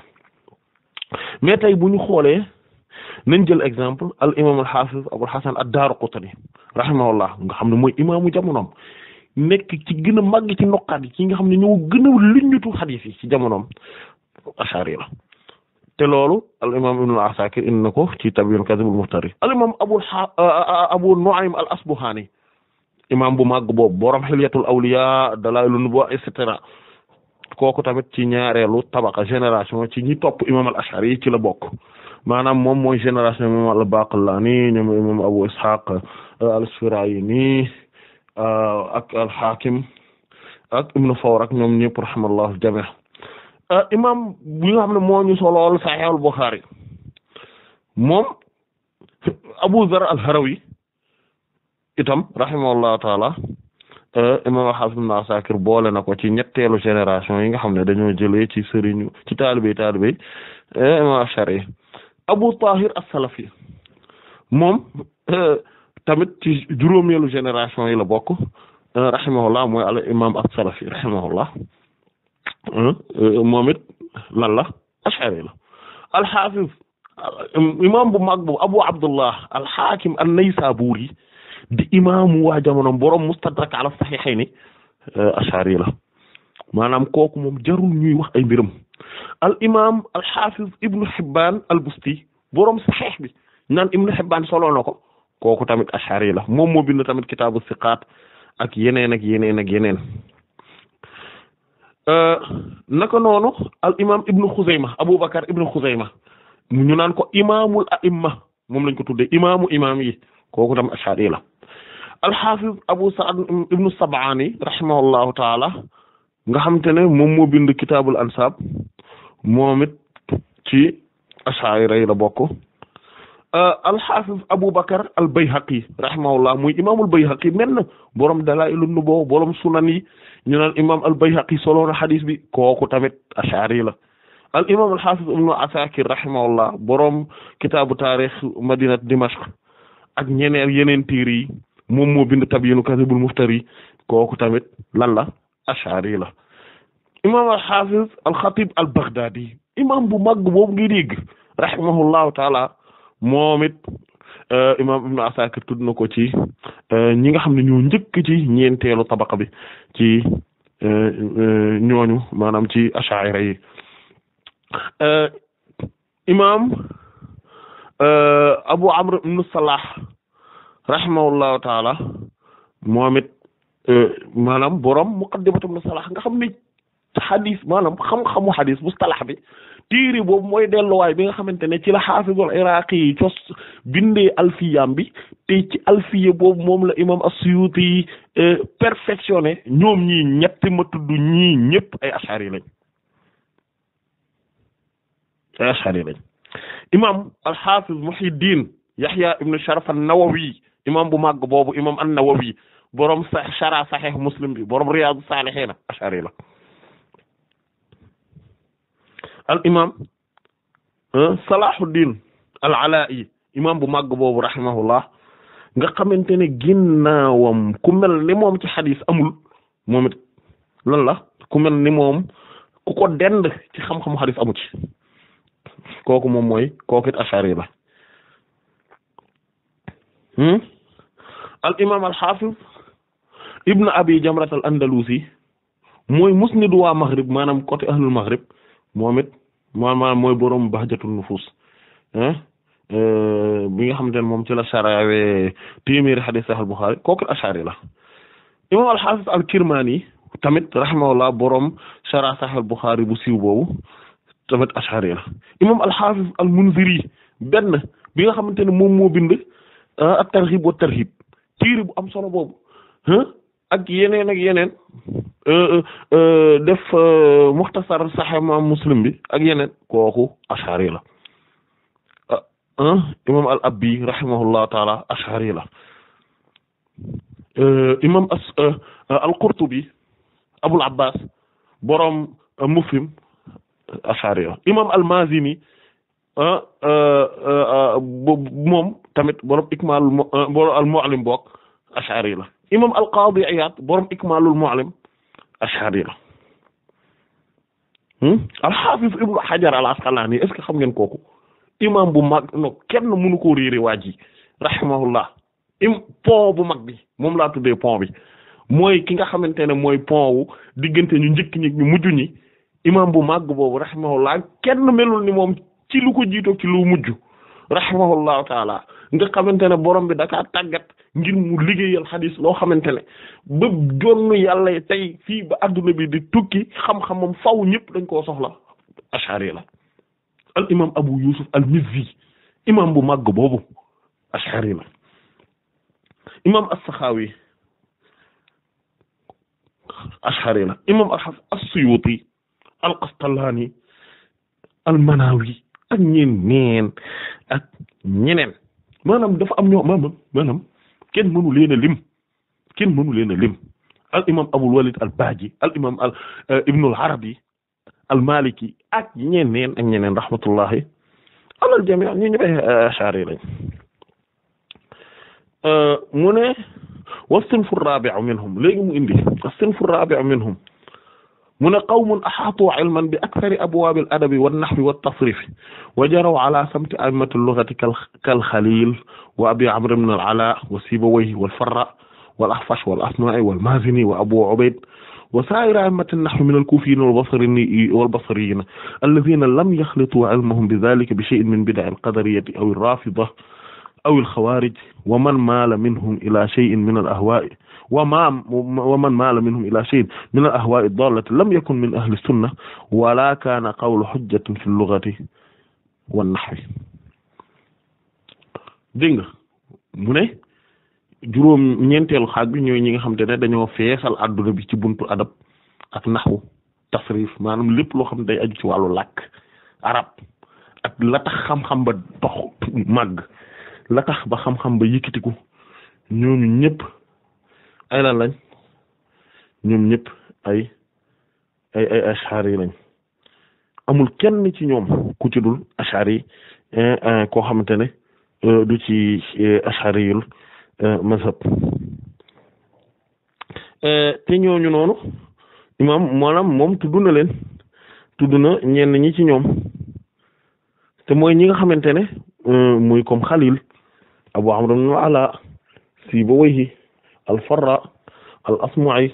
mais tey bu ñu xoolee nañ jël exemple al imam al hafiz abul hasan ad-Daaraqutni rahimahullah nga xam ne mooy imaamu jamonoom nekk ci gën a màgg ci noqaat yi ci nga xam ne ñoo gën a luññutu xadiis ci jamonoom ashari la te lolu al imam al asakir innako ci ko kadhib al muhtari al imam abu abu nuaym al asbuhani imam bu mag bob borom hilyatul awliya dalailu nubuwa et cetera koku tamit ci ñaarelu tabaka generation ci ñi top imam al ashari ci la bok manam mom moy generation imam al baqlani ñom imam abu ishaq al sirayni ak al hakim ak ibn fawrak ñom ñoom rahmalahu rahmallahu Euh, imam bi nga xam ne moo ñu solool Sahih al-Bukhari moom Abu Zar al-Harawi itam rahimahullahu taala euh, imam al-Hafiz Ibn Asakir boole na ko ci ñetteelu génération yi nga xam ne dañoo jëlee ci sëriñu ci taalibey taalibey euh, imam Ashari Abu Tahir as-Salafi moom tamit ci juróomeelu génération yi la bokk rahimahullah mooy al imam as-Salafi rahimahullah Euh, moom it lan la ashari la imaam bu mag bu abu abdullah alxaakim an-naysaburi di imaamu waa jamono borom mustadrak ala saxiixayni euh, ashari la maanaam kooku moom jarul ñuy wax ay mbiram al imaam alxaafiz Hibbaan al borom saxiix bi naan ibnu Hibbaan solo na ko kooku tamit ashari la moom moo bind tamit kitaabu siqaat ak yeneen ak yeneen ak yeneen. Euh, naka noonu al imaam ibnu Xuzayma Aboubacar ibnu Xuzayma mu ñu naan ko imaamul a'imma moom lañ ko tuddee imaamu imaam yi kooku tam ashari la alxaafiz Abu Saad ibnu Sab'aani rahimahullahu taala nga xam te ne moom moo bind kitaabul ansaab moom it ci ashaira yi la bokk euh, alxaafiz Aboubacar al Bayhaqi rahimahullah muy borom Dalaa'ilun Nubuwwa borom sunan ñu nan imam al bayhaqi solo na hadith bi koku tamit ashari la al imam al hafiz ibn asakir rahimahullah borom kitab tarikh madinat dimashq ak ñeneen yenen tiri mom mo bind tabyinu kasibul muftari koku tamit lan la ashari la imam al hafiz al khatib al baghdadi imam bu mag boobu ngi dégg rahimahullahu taala momit Euh, imam ibnu asakir tudd na ko ci euh, ñi nga xam ne ñoo njëkk ci ñeenteelu tabaqa bi ci euh, ñooñu maanaam ci ash'ari yi imam abu amr ibnu salah rahimahullahu taala moom it maanaam borom muqaddimatu ibnu salah nga xam ne xadis maanaam xam-xamu xadis mustalax bi bobu moy mooy way bi nga xamantene ci la hafizul iraqi tos bindé alfiyam bi te ci alfiya bobu mom la imam asuyuti yi perfectionné ñom ñi ñetti ma tuddu ñi ñëpp ay ashari lañ ay ashar lañ imam al-hafiz muhiddin yahya ibn sharaf an-nawawi imam bu mag bobu imam an-nawawi borom sah shara sahih muslim bi borom riyad saalihiina ashari la al imam ah, salahuddin al imam bu màgg boobu rahimahullah nga xamante ne ginnaawam ku mel ni moom ci xadis amul moom it lan la ku mel ni moom ku ko dend ci xam-xamu xadis amu ci mooy kooku it ashari la hmm? al ibn abi jamrat al andalusi mooy musnidu waa maghrib maanaam ahlul maghrib momit mom maanaam mooy borom bahjatun nufus hein euh bi nga xamantene mom ci la sarawe premier hadith Sahih Bukhari kooku Ash'ari la imam al-Hafiz al-Kirmani tamit rahimahullah borom sara Sahih Bukhari bu siw bobu tamit Ash'ari la imam al-Hafiz al-Munziri ben bi nga xamantene mom mo bind at tarhib wa tarhib tire bu am solo bobu hein ak yeneen ak yeneen def muxtasar sahih maam muslim bi ak yeneen kooku ashari la imam al abbi rahimahullah taala ashari la euh imam as al qurtubi abul abbas borom mufhim ashari la imam al mazini euh euh mom tamit borom ikmal borom al mu'allim bok ashari la imam al-Qaadi Iyaad borom Ikmaalul Mu'allim Ash'ari la hmm? al-Haafiz Ibn Hajar al-Asqalaani est-ce xam ngeen kooku imam bu mag no kenn mënu ko réeré waa ji im pont bu mag bi moom laa tuddee pont bi mooy ki nga xamante ne mooy pont wu diggante ñu njëkk ñu mujj ñi imam bu màgg boobu rahimahullah kenn melul ni moom ci lu ko jiitoo ci lu mujj rahimahullahu taala nga xamante ne borom bi dakaa tàggat ngir mu liggéeyal xadis loo xamante ne ba jonn yàlla tey fii ba adduna bi di tukki xam-xamam faw ñëpp dañ koo soxla ashari la al imam abu yusuf al mizzi imam bu màgg boobu ashari la imam as-saxaawi ashari la imam alxafis as-suyuti al qastalaani al manawi ak ñeneen ak ñeneen maanaam dafa am ñoo maanaam ken mënu leena lim ken mënu leena lim al imam abul walid al baaji al imam al ibn al harbi al maliki ak ñeneen ak ñeneen rahmatullahi ala al jami ñu ñëpp ashari lañ mu ne wasnfu sinfu rabiu minhum legi mu indi wasnfu sinfu rabiu minhum من قوم أحاطوا علما بأكثر أبواب الأدب والنحو والتصريف وجروا على سمت أئمة اللغة كالخليل وأبي عمرو بن العلاء وسيبويه والفراء والأحفش والأصمعي والمازني وأبو عبيد وسائر أئمة النحو من الكوفيين والبصريين الذين لم يخلطوا علمهم بذلك بشيء من بدع القدرية أو الرافضة أو الخوارج ومن مال منهم إلى شيء من الأهواء wa ma wa man maala minhum ila shay'in min al ahwaa'i ad-daallati lam yakun min ahli sunna wala kaana qawlu hujjatin fi al-lughati wan nahwi dégg nga mu ne juróom ñeenteelu xaaj bi ñooy ñi nga xam te ne dañoo feesal adduna bi ci buntu adab ak naxwu tasrif maanaam lépp loo xam ne day aju ci wàllu làkk arab ak la tax xam-xam ba dox màgg la tax ba xam-xam ba yëkkatiku ñooñu ñëpp ay lan lañ ñoom ñëpp ay ay ay ashari amul kenn ci ñoom ku ci dul ashari koo xamante ne euh, du ci euh, ashariyul euh, mazhab te ñooñu noonu imam maanaam moom tudd na leen tudd na ñenn ñi ci ñoom te mooy ñi nga xamante ne muy comme Khalil Abu Amr ibn Ala Sibawayhi al-Farra al-Asma'i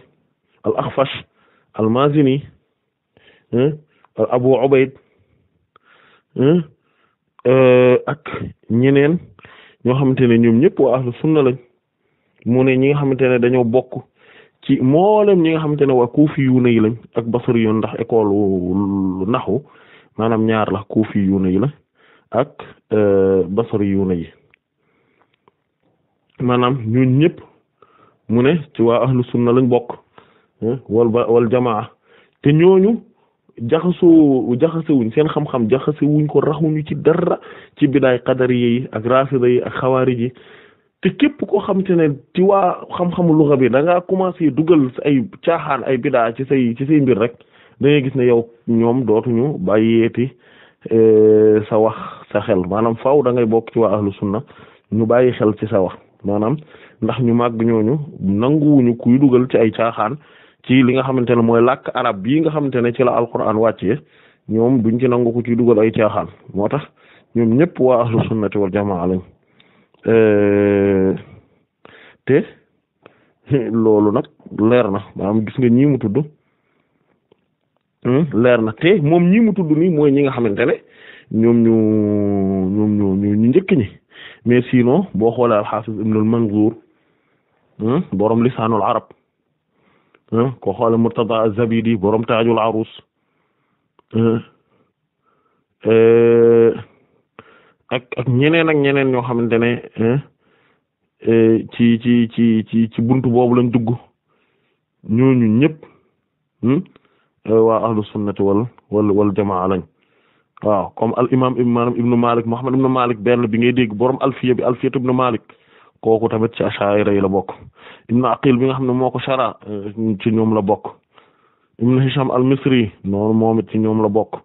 al-Akhfash al-Mazini Abu Ubayd ak ñeneen ñoo xamante ne ñoom ñëpp waa ahlu sunna lañ mu ne ñi nga xamante ne dañoo bokk ci mboolem ñi nga xamante ne waa kuufi yu lañ ak basari yu ndax école naxu maanaam ñaar la kuufi yu ak euh, basari mu ne ci waa ahlu sunna lañ bokk wal ba wal jamaa te ñooñu jaxasoo jaxasewuñ seen xam-xam jaxasewuñ ko raxuñu ci dara ci bidaay qadari yi ak rafida yi ak xawaarij yi te képp koo xamante ne ci waa xam-xamu luga bi da ngaa commencé dugal ay caaxaan ay bidaa ci say ci mbir rek da gis ne yow ñoom dootuñu bàyyeeti eh, sa wax sa xel maanaam faw da ngay bokk ci waa ahlu sunna ñu bàyyi xel ci sa wax maanaam ndax ñu màgg ñooñu nanguwuñu kuy dugal ci ay caaxaan ci li nga xamante ne mooy lakk arab bii nga xamante ne ci la alquran wàccee ñoom duñ ci nangu ku ciy dugal ay caaxaan moo tax ñoom ñëpp waa ahlu sunnati wal jamaa lañ te loolu nag leer na gis nga ñii mu tudd hmm, leer na moom ñii mu tudd mooy ñi nga xamante ne ñoom ñu ñoom ñu ñu njëkk ñi sinon boo xoolee al-Hafiz Ibn Hmm? borom lisaanul arab hmm? ko xoole Murtada Az-Zabidi borom taajul arus hmm? eh, ak ak ñeneen ak ñeneen ñoo xamante ne eh, ci ci ci ci ci buntu boobu lañ dugg ñooñu ñëpp eh, waa ahlu sunnati wal wal wal jamaa lañ waaw comme al imam maanaam ibnu Malik Muhammad ibnu Malik benn bi ngay dégg borom alfiya bi alfiyat ibnu Malik kooku tamit ci ashaira yi la bokk ibnu aqil mi nga xam ne moo ko shara euh, ci ñoom la bokk ibnu hisham al misri noonu moo it ci ñoom la bokk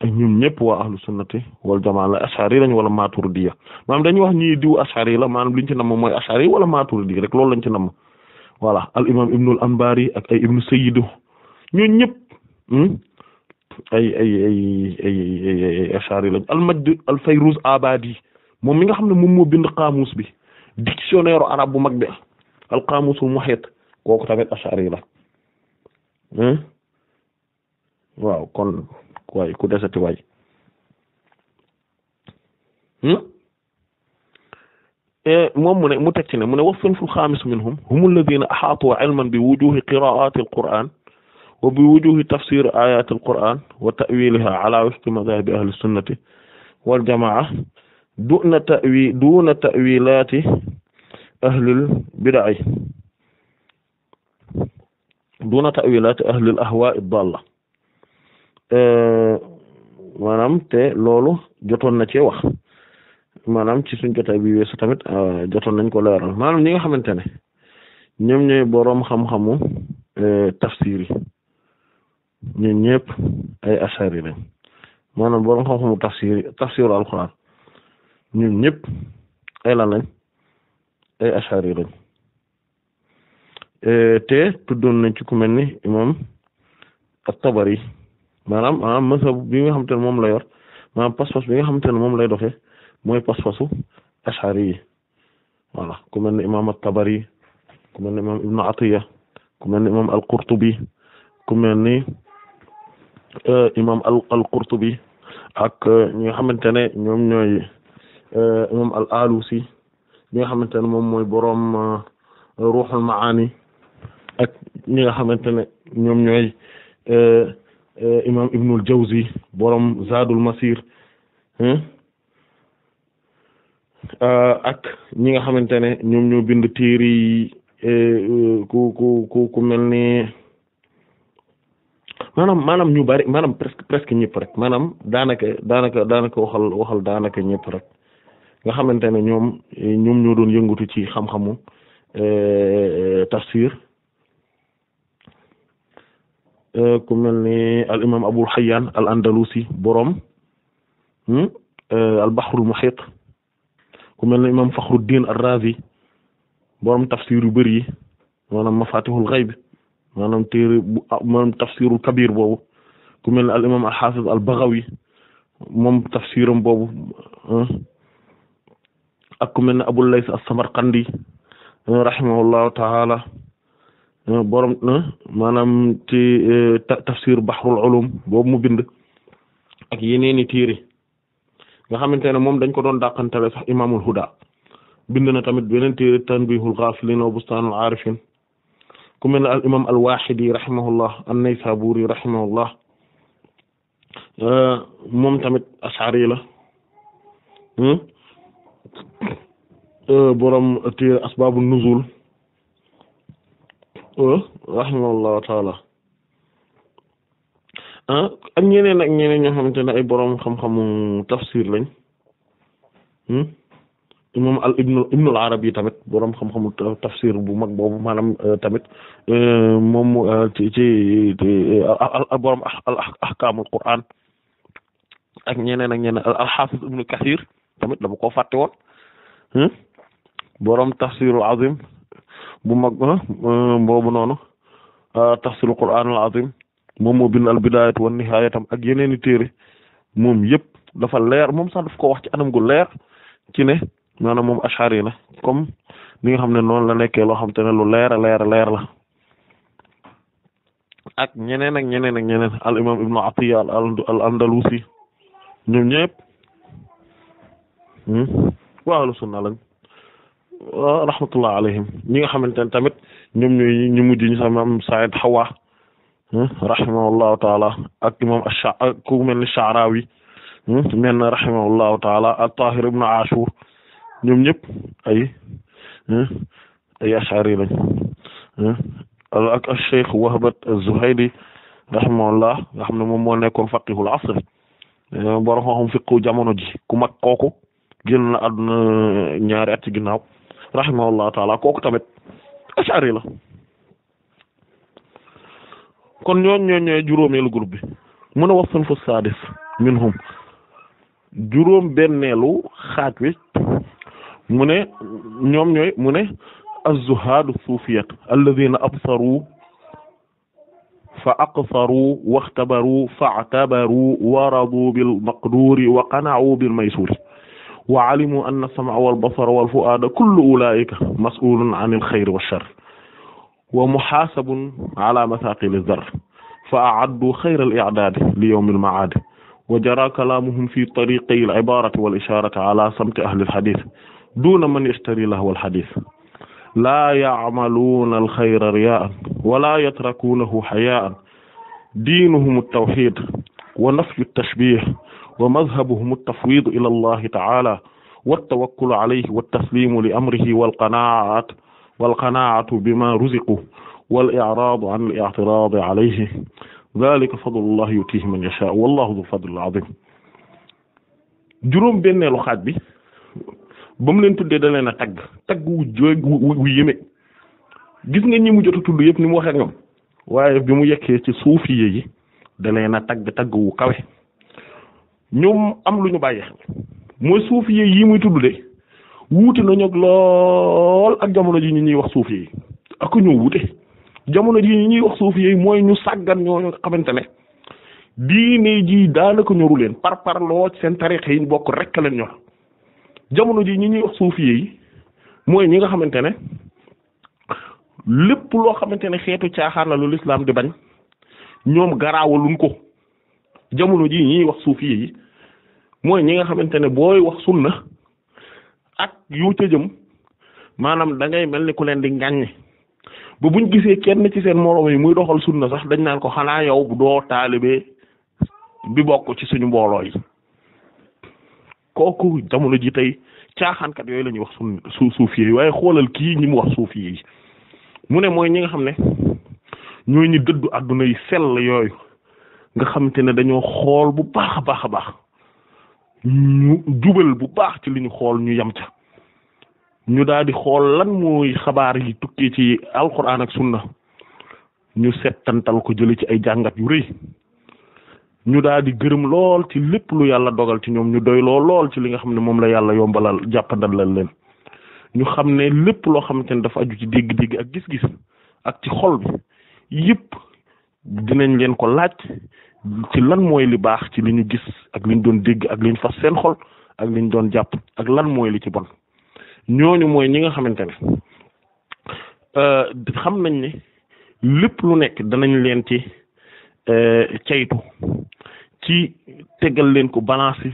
ak ñoom ñëpp waa ahlu sunnati wal jamaa la ashari lañ wala maturidiya maam dañuy wax ñii diw ashari la maanaam liñ ci namm mooy ashari wala maturidi rek loolu lañ ci namm voilà al imam ibnul anbari ak ay ibnu sayyidu ñun ñëpp hmm? ay ay ay ay ay ashari lañ al majd al fayruz abadi moom mi nga xam ne moom moo bind qaamus bi dictionnaire arab bu mag bi al qamus al muhit koku tamit ashari la hmm waaw kon waay ku desati waay moom mu ne mu tek ci ne mu ne wasful khamis minhum hum alladhina ahatu ilman bi wujuh qira'at al qur'an wa bi wujuh tafsir ayat al qur'an wa ta'wilha ala wifqi madhahabi ahli sunnati wal jama'ah duna tawi duna tawilaati ahlil bida'i duna tawilaati ahlil ahwa dalla eh, maanaam te loolu jotoon na cee wax maanaam ci suñ jotaay bi weesu tamit eh, jotoon nañ ko leeral maanaam ñi nga xamante ne ñoom ñooy boroom xam-xamu eh, tafsir yi ñun ñëpp ay ashari lañ maanaam boroom xam-xamu tafsir tafsiru alquran ñu ñëpp ay lan lañ ay ashari lañ eh, te tuddoon nañ ci ku mel ni imam at-Tabari maanaam maanaam mazhab bi nga xamante ne moom la yor maanaam pas-pas bi nga xamante ne moom lay doxe mooy pas-pasu ashari yi voilà ku mel ni imam ku mel ni imam Atiya ku mel ni imam al-Qurtubi ku mel ni eh, imam al ak eh, ñi nga xamante ne ñoom ñooy imam euh, al-Alusi bi nga xamante ne moom mooy boroom euh, Ruhul Maani ak ñi nga xamante ne ñoom ñooy euh, imam Ibnul Jawzi boroom Zadul Masir ak ñi nga xamante ne ñoom ñoo bind téere yi ku ku mel ni maanaam maanaam ñu bari maanaam presque presque ñëpp rek maanaam daanaka daanaka daanaka waxal waxal daanaka ñëpp rek nga xamantene ne ñoom ñoom ñoo doon yëngutu ci xam-xamu euh tafsir ku mel al imam Abul Hayyan al Andalusi borom hmm al bahr al Muhit ku melni imam Fakhruddin ar-Razi borom tafsir yu bari manam maanaam Mafatihul Ghaib manam téere manam maanaam tafsirul kabir bobu ku melni al imam al Hafiz al Baghawi mom tafsiram boobu. ak ku mel ne Abul Lays as-Samarqandi rahimahullahu ta'ala borom maanaam ci tafsir Bahrul Ulum boobu mu bind ak yeneeni tiiri nga xamante ne moom dañ ko doon dàqantale sax Imamul Huda bind na tamit beneen tiiri Tanbihul Ghafilin wa Bustanul Arifin ku mel ne al imam al Wahidi rahimahullah an-Naysaburi rahimahullah moom tamit ashari la hmm? Euh, borom téere asbaabu nuzul euh, rahimahullahu taala ah ñeneen ak ñeneen ñoo xamante ne ay borom xam-xamu tafsir lañ moom al ibnu ibnu al tamit borom xam-xamu tafsir bu mag boobu maanaam euh, tamit moom ci ci borom ah, al ah, ahkaamul qur'an ak ñeneen ak ñeneen al hafiz ibnu kathir tamit dama koo fàtte Hmm? borom tafsirul azim bu mag ah, ah, boobu noonu ah, tafsirul qur'anul azim moom moo bind al bidayatu wan nihayatam ak yeneeni téere moom yëpp dafa leer moom sax daf ko wax ci anam gu leer ci ne maanaam moom ashari la comme li nga xam ne noonu la nekkee loo xam te ne lu leer a leer a leer la ak ñeneen ak ñeneen ñeneen al imam ibnu atiya al andalusi ñoom ñëpp hmm? waa ahlu sunna lañ rahmatullah alayhim ñi nga xamantene tamit ñom ñoy ñu mujj ñu sama imam Saïd Hawa rahmatullah taala ak imam ash-sha'a ku mel ni Sha'rawi men rahmatullah taala at Tahir ibn Ashur ñom ñep ay ay ashari lañ ak ash Cheikh Wahbat az zuhaydi rahmatullah nga xamne mom mo nekkon faqihul asr borom xam fiqhu jamono ji ku mak koku génn na àdduna ñaari at ci ginnaaw rahimahullahu taala kooku tamit ashari la kon ñooñu ñooñu ñooy juróomeelu groupe bi mu ne wasan fa sadis minhum juróom benneelu xaaj wi mu ne ñoom ñooy mu ne az-zuhaadu suufiyat alladhina absaru fa aqsaru waxtabaru fa atabaru waradu bil maqduri wa qana'u bil maysuri وعلموا أن السمع والبصر والفؤاد كل أولئك مسؤول عن الخير والشر ومحاسب على مثاقل الذر فأعدوا خير الإعداد ليوم المعاد وجرى كلامهم في طريقي العبارة والإشارة على صمت أهل الحديث دون من يشتري له الحديث لا يعملون الخير رياء ولا يتركونه حياء دينهم التوحيد ونفي التشبيه ومذهبهم التفويض إلى الله تعالى والتوكل عليه والتسليم لأمره والقناعة والقناعة بما رزقه والإعراض عن الاعتراض عليه ذلك فضل الله يؤتيه من يشاء والله ذو الفضل العظيم جروم بين الوخات بي بم لين تودي دا لينا تاغ تاغ وي يمه غيس نغي ني مو جوتو تودو ييب ني مو واخا نيوم واي بي مو سي صوفيه يي دا لينا تاغ تاغ وو كاوي ñoom am lu ñu bàyyi mooy suuf yee yi muy tudd de wuute nañu ak lool ak jamono ji ñu ñuy wax suufiyee yi ak ñoo wuute jamono ji ñu ñuy wax yi mooy ñu sàggan ñooñu nga xamante ne diine ji daanaka ñoru leen par par loo seen tariix yi bokk rek leen ñor jamono ji ñi ñuy wax suufiyee yi mooy ñi nga xamante ne lépp loo xamante ne xeetu caaxaan la lu lislaam di bañ ñoom garaawaluñ ko jamono ji ñi ñuy wax suufiyee yi mooy ñi nga xamante ne booy wax na ak yu ca jëm maanaam dangay mel ni ku leen di ngàññ ba buñ gisee kenn ci seen moroom yi muy doxal na sax dañ naan ko xanaa yow bu doo taalibe bi bokk ci suñu mbooloo yi kooku jamono ji tey caaxaankat yooyu la ñuy wax sun su suufi yi waaye xoolal kii ñi mu wax suufi yi mu ne mooy ñi nga xam ne ñooy ñu dëddu àdduna yi sell yooyu nga xamante ne dañoo xool bu baax a baax a baax ñu jubal bu baax ci li ñu xool ñu yem ca ñu daal di xool lan mooy xabaar yi tukkee ci alquran ak sunna ñu settantal ko jële ci ay jàngat yu rëy ñu daal di gërëm lool ci lépp lu yàlla dogal ci ñoom ñu doy lool lool ci li nga xam ne moom la yàlla yombalal jàppandal jàppandalal leen ñu xam ne lépp loo xamante ne dafa aju ci dégg-dégg ak gis-gis ak ci xool bi yëpp dinañ leen ko laaj ci lan mooy li baax ci li ñu gis ak liñ doon dégg ak li ñu fas seen xol ak liñ doon jàpp ak lan mooy li ci bon ñooñu mooy ñi nga xamante ne euh, xam nañ ne lépp lu nekk danañ leen ci euh, caytu ci tegal leen ko balance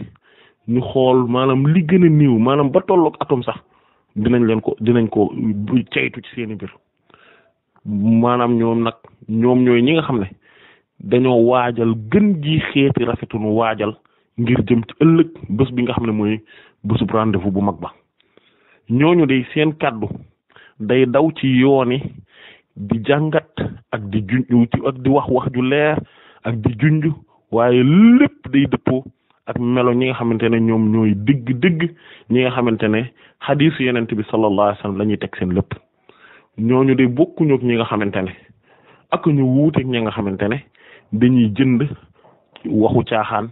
ñu xool maanaam li gën a néew maanaam ba tolloog atom sax dinañ leen ko dinañ ko caytu ci seeni mbir maanaam ñoom nag ñoom ñooy ñi nga xam ne dañoo waajal gën gi xeeti rafetunu waajal ngir jëm ci ëllëg bés bi nga xam ne mooy bésub rendez-vous bu mag ba ñooñu day seen kàddu day daw ci yooni di jàngat ak di junj di wax wax ju leer ak di waaye lépp day dëppoo ak melo ñi nga xamante ne ñoom ñooy dëgg dëgg ñi nga xamante ne xadiisu yenent bi sallallahu alayhi wasallam la ñuy teg seen lépp ñooñu day bokkuñu ak ñi nga xamante ne ak ñu wuuteeg ñi nga xamante ne dañuy jënd waxu caaxaan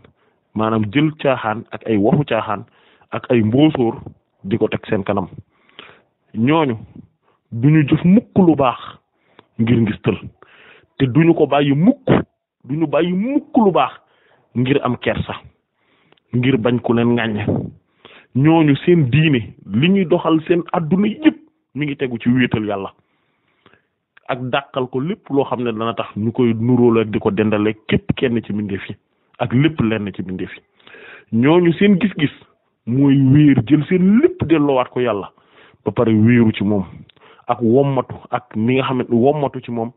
maanaam jël caaxaan ak ay waxu caaxaan ak ay mboosóor di ko teg seen kanam ñooñu du ñu jëf mukk lu baax ngir ngistal te duñu ko bàyyi mukk duñu bàyyi mukk lu baax ngir am kersa ngir bañ ku leen ŋàññe ñooñu seen diine li ñuy doxal seen adduna yëpp mi ngi tegu ci wiital yàlla ak dàqal ko lépp loo xam ne dana tax ñu koy nuróol ak di ko dendale képp kenn ci mbindeef yi ak lépp lenn ci mbindeef yi ñooñu seen gis-gis mooy wéer jël seen lépp delloowaat ko yàlla ba pare wéeru ci moom ak wommatu ak ni nga xam ne ci moom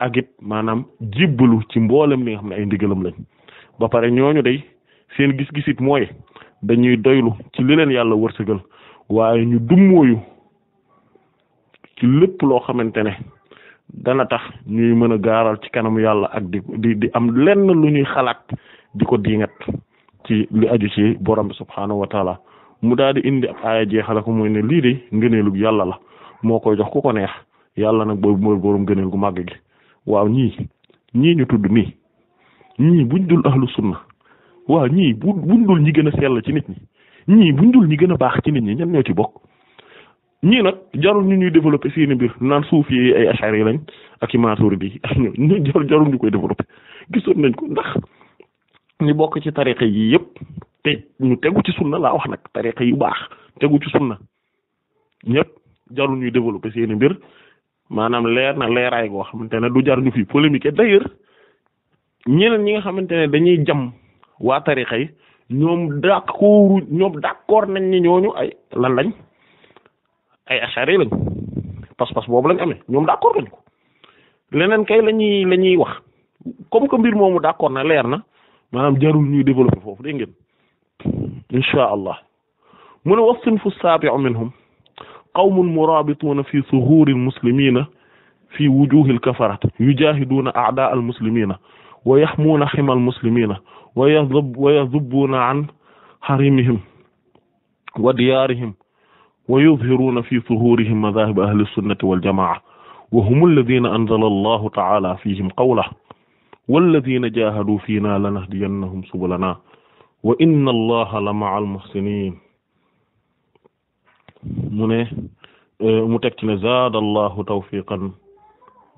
ak it maanaam jébbalu ci mboolem li nga xam ne ay ndigalam lañ ba pare ñooñu day seen gis-gisit mooy dañuy doylu ci li leen yàlla wërsëgal waaye ñu dummóoyu ci lépp loo xamante ne dana tax ñuy mën a gaaral ci kanamu yàlla ak di di di am lenn lu ñuy xalaat di ko diingat ci li aju ci borom bi subhaanahu mu daal di indi ab aaya jeexale ko mooy ne lii de ngëneelug yàlla la moo koy jox ku ko neex yàlla na boobu mooy borom ngëneel gu màgg gi waaw ñii ñii ñu tudd nii ñii buñ dul ahlu sunna waaw ñii bu buñ dul ñi gën a sell ci nit ñi ñii buñ dul ñi gën a baax ci nit ñi ñan ñoo ci bokk ñii nag jarul ñu ñuy développer seeni mbir naan suuf yi ay ashari lañ ak i maturidi ak ñu jarul jarul ñu koy développer gisoon nañ ko ndax ñu bokk ci tariqa yi yëpp te ñu tegu ci sunna laa wax nag tariqa yu baax tegu ci sunna ñëpp jarul ñuy développer seeni mbir maanaam leer na leeraay goo xamante ne du jar ñu fi polémique d'ailleurs ñeneen ñi nga xamante ne dañuy jam waa tariqa yi ñoom d'accord ñoom d'accord nañ ni ñooñu ay la lañ. ay ashari lan pass pass bobu lañ amé ñom d'accord lañ ko lenen kay lañuy lañuy wax comme que mbir momu d'accord na lerr na manam jarul ñuy développer fofu de ngeen insha allah mun wasfun fu sabi'u minhum qawmun murabituuna fi suhuuri almuslimina fi wujuhi alkafarat yujahiduuna aada almuslimina wa yaxmuuna xima almuslimina wa yadub wa yadubuuna an harimihim wa diyarihim ويظهرون في ظهورهم مذاهب أهل السنة والجماعة وهم الذين أنزل الله تعالى فيهم قوله والذين جاهدوا فينا لنهدينهم سبلنا وإن الله لمع المحسنين من ne زاد الله توفيقا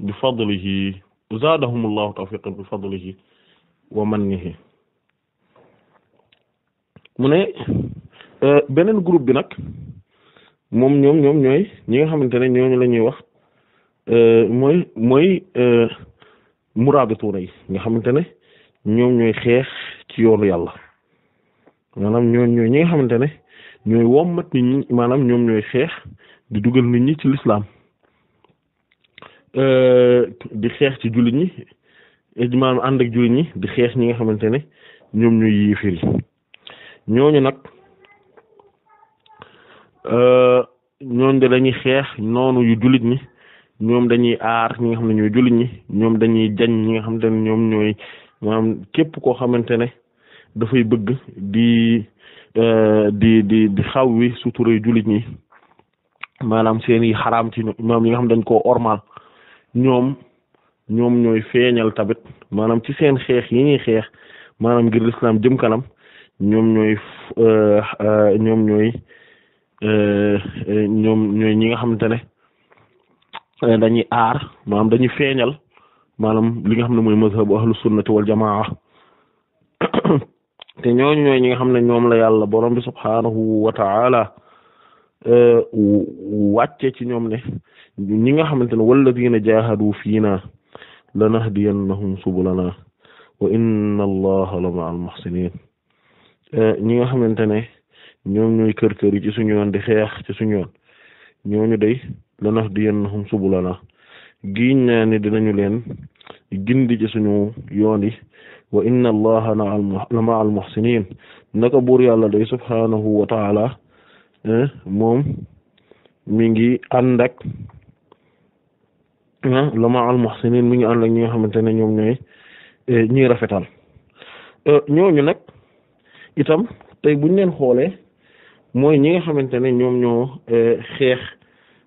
بفضله زادهم الله توفيقا بفضله ومنه من allahu جروب بنك moom ñoom ñoom ñooy ñi nga xamante ne ñooñu la ñuy wax euh, mooy mooy euh, muraabituuna yi nga xamante ne ñoom ñooy xeex ci yoonu yàlla maanaam ñooñu ñooy ñi nga xamante ne ñooy wommat nit ñi maanaam ñoom ñooy xeex di dugal nit ñi ci lislaam euh, di xeex ci jullit ñi maanaam ànd ak jullit ñi di xeex ñi nga xamante ne ñoom ñooy yéefir ñooñu nag. Euh, ñoom de dañuy xeex noonu yu jullit ñi ñoom dañuy aar ñi nga xam ne ñooy jullit ñi ñoom dañuy jañ ñi nga xam ne ñoom ñooy maanaam képp koo xamante ne dafay bëgg di euh, di di di xaw wi suturay jullit ñi maanaam seen i xaraam ci maanaam nga xam dañ koo ormal ñoom ñoom ñooy feeñal tamit maanaam ci seen xeex yi ñuy xeex maanaam ngir lislaam jëm kanam ñoom ñooy euh, ñoom ñooy Euh, euh, ñoom ñooy ñi nga xamante ne euh, dañuy aar maanaam dañuy feeñal maanaam li nga xam ne mooy mazhabu ahlu sunnati wal jamaa te ñooñu ñooy ñi nga xam ne ñoom la yàlla borom bi subhaanahu wa ta'ala wàcce ci ñoom ne ñi nga xamante ne walladina jahadu fiina lanahdiyannahum subulana wa inna allaha la ma'al muhsinin ñi nga xamante ñoom ñooy kër kër yi ci suñu yoon di xeex ci suñu yoon ñooñu day lanahdiyannahum subulana giñ naa ne dinañu leen gindi ci suñu yoon yi wa inna allaha la ma al naka buur yàlla day subhanahu wa taala eh, moom mi ngi ànd ak eh, la ma al muhsinin mi ngi ànd ñi nga xamante ne ñoom ñooy eh, ñiy rafetal ñooñu nag itam tey buñ leen xoolee mooy ñi nga xamante ne ñoom ñoo euh, xeex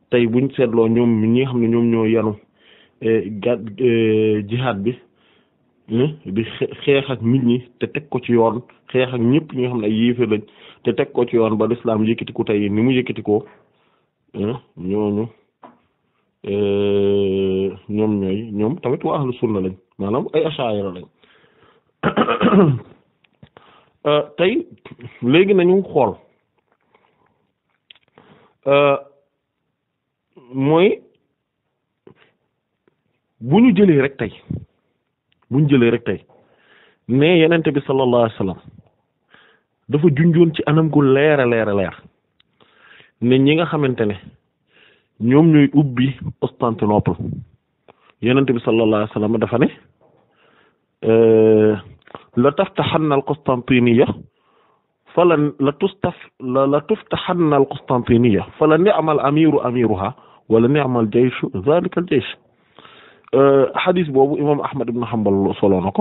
tey buñ seetloo ñoom ñi nga xam ne ñoom ñoo yanu euh, gàd euh, jihaad bi di xeex ak nit ñi te teg ko ci yoon xeex ak ñëpp ñu nga xam ne ay yéefar lañ te teg ko ci yoon ba lislaam ko tey ni mu yëkkati yëkkatikoo ñooñu ñoom ñooy ñoom tamit waa ahlu sunna lañ maanaam ay ashaira lañ tey léegi nañu xool Euh, mooy bu ñu jëlee rek tey bu ñu jëlee rek tey ne yenente bi sallallahu alayhi wa sallam dafa junjoon ci anam gu leer a leer a leer ne ñi nga xamante ne ñoom ñooy ubbi Constantinople yenente bi sallallahu alayhi wa sallam dafa ne euh, la taftahanna al Constantiniya فلن لتستف لتفتحن القسطنطينيه فلن يعمل امير اميرها ولن يعمل جيش ذلك الجيش أه، حديث بو امام احمد بن حنبل صلى الله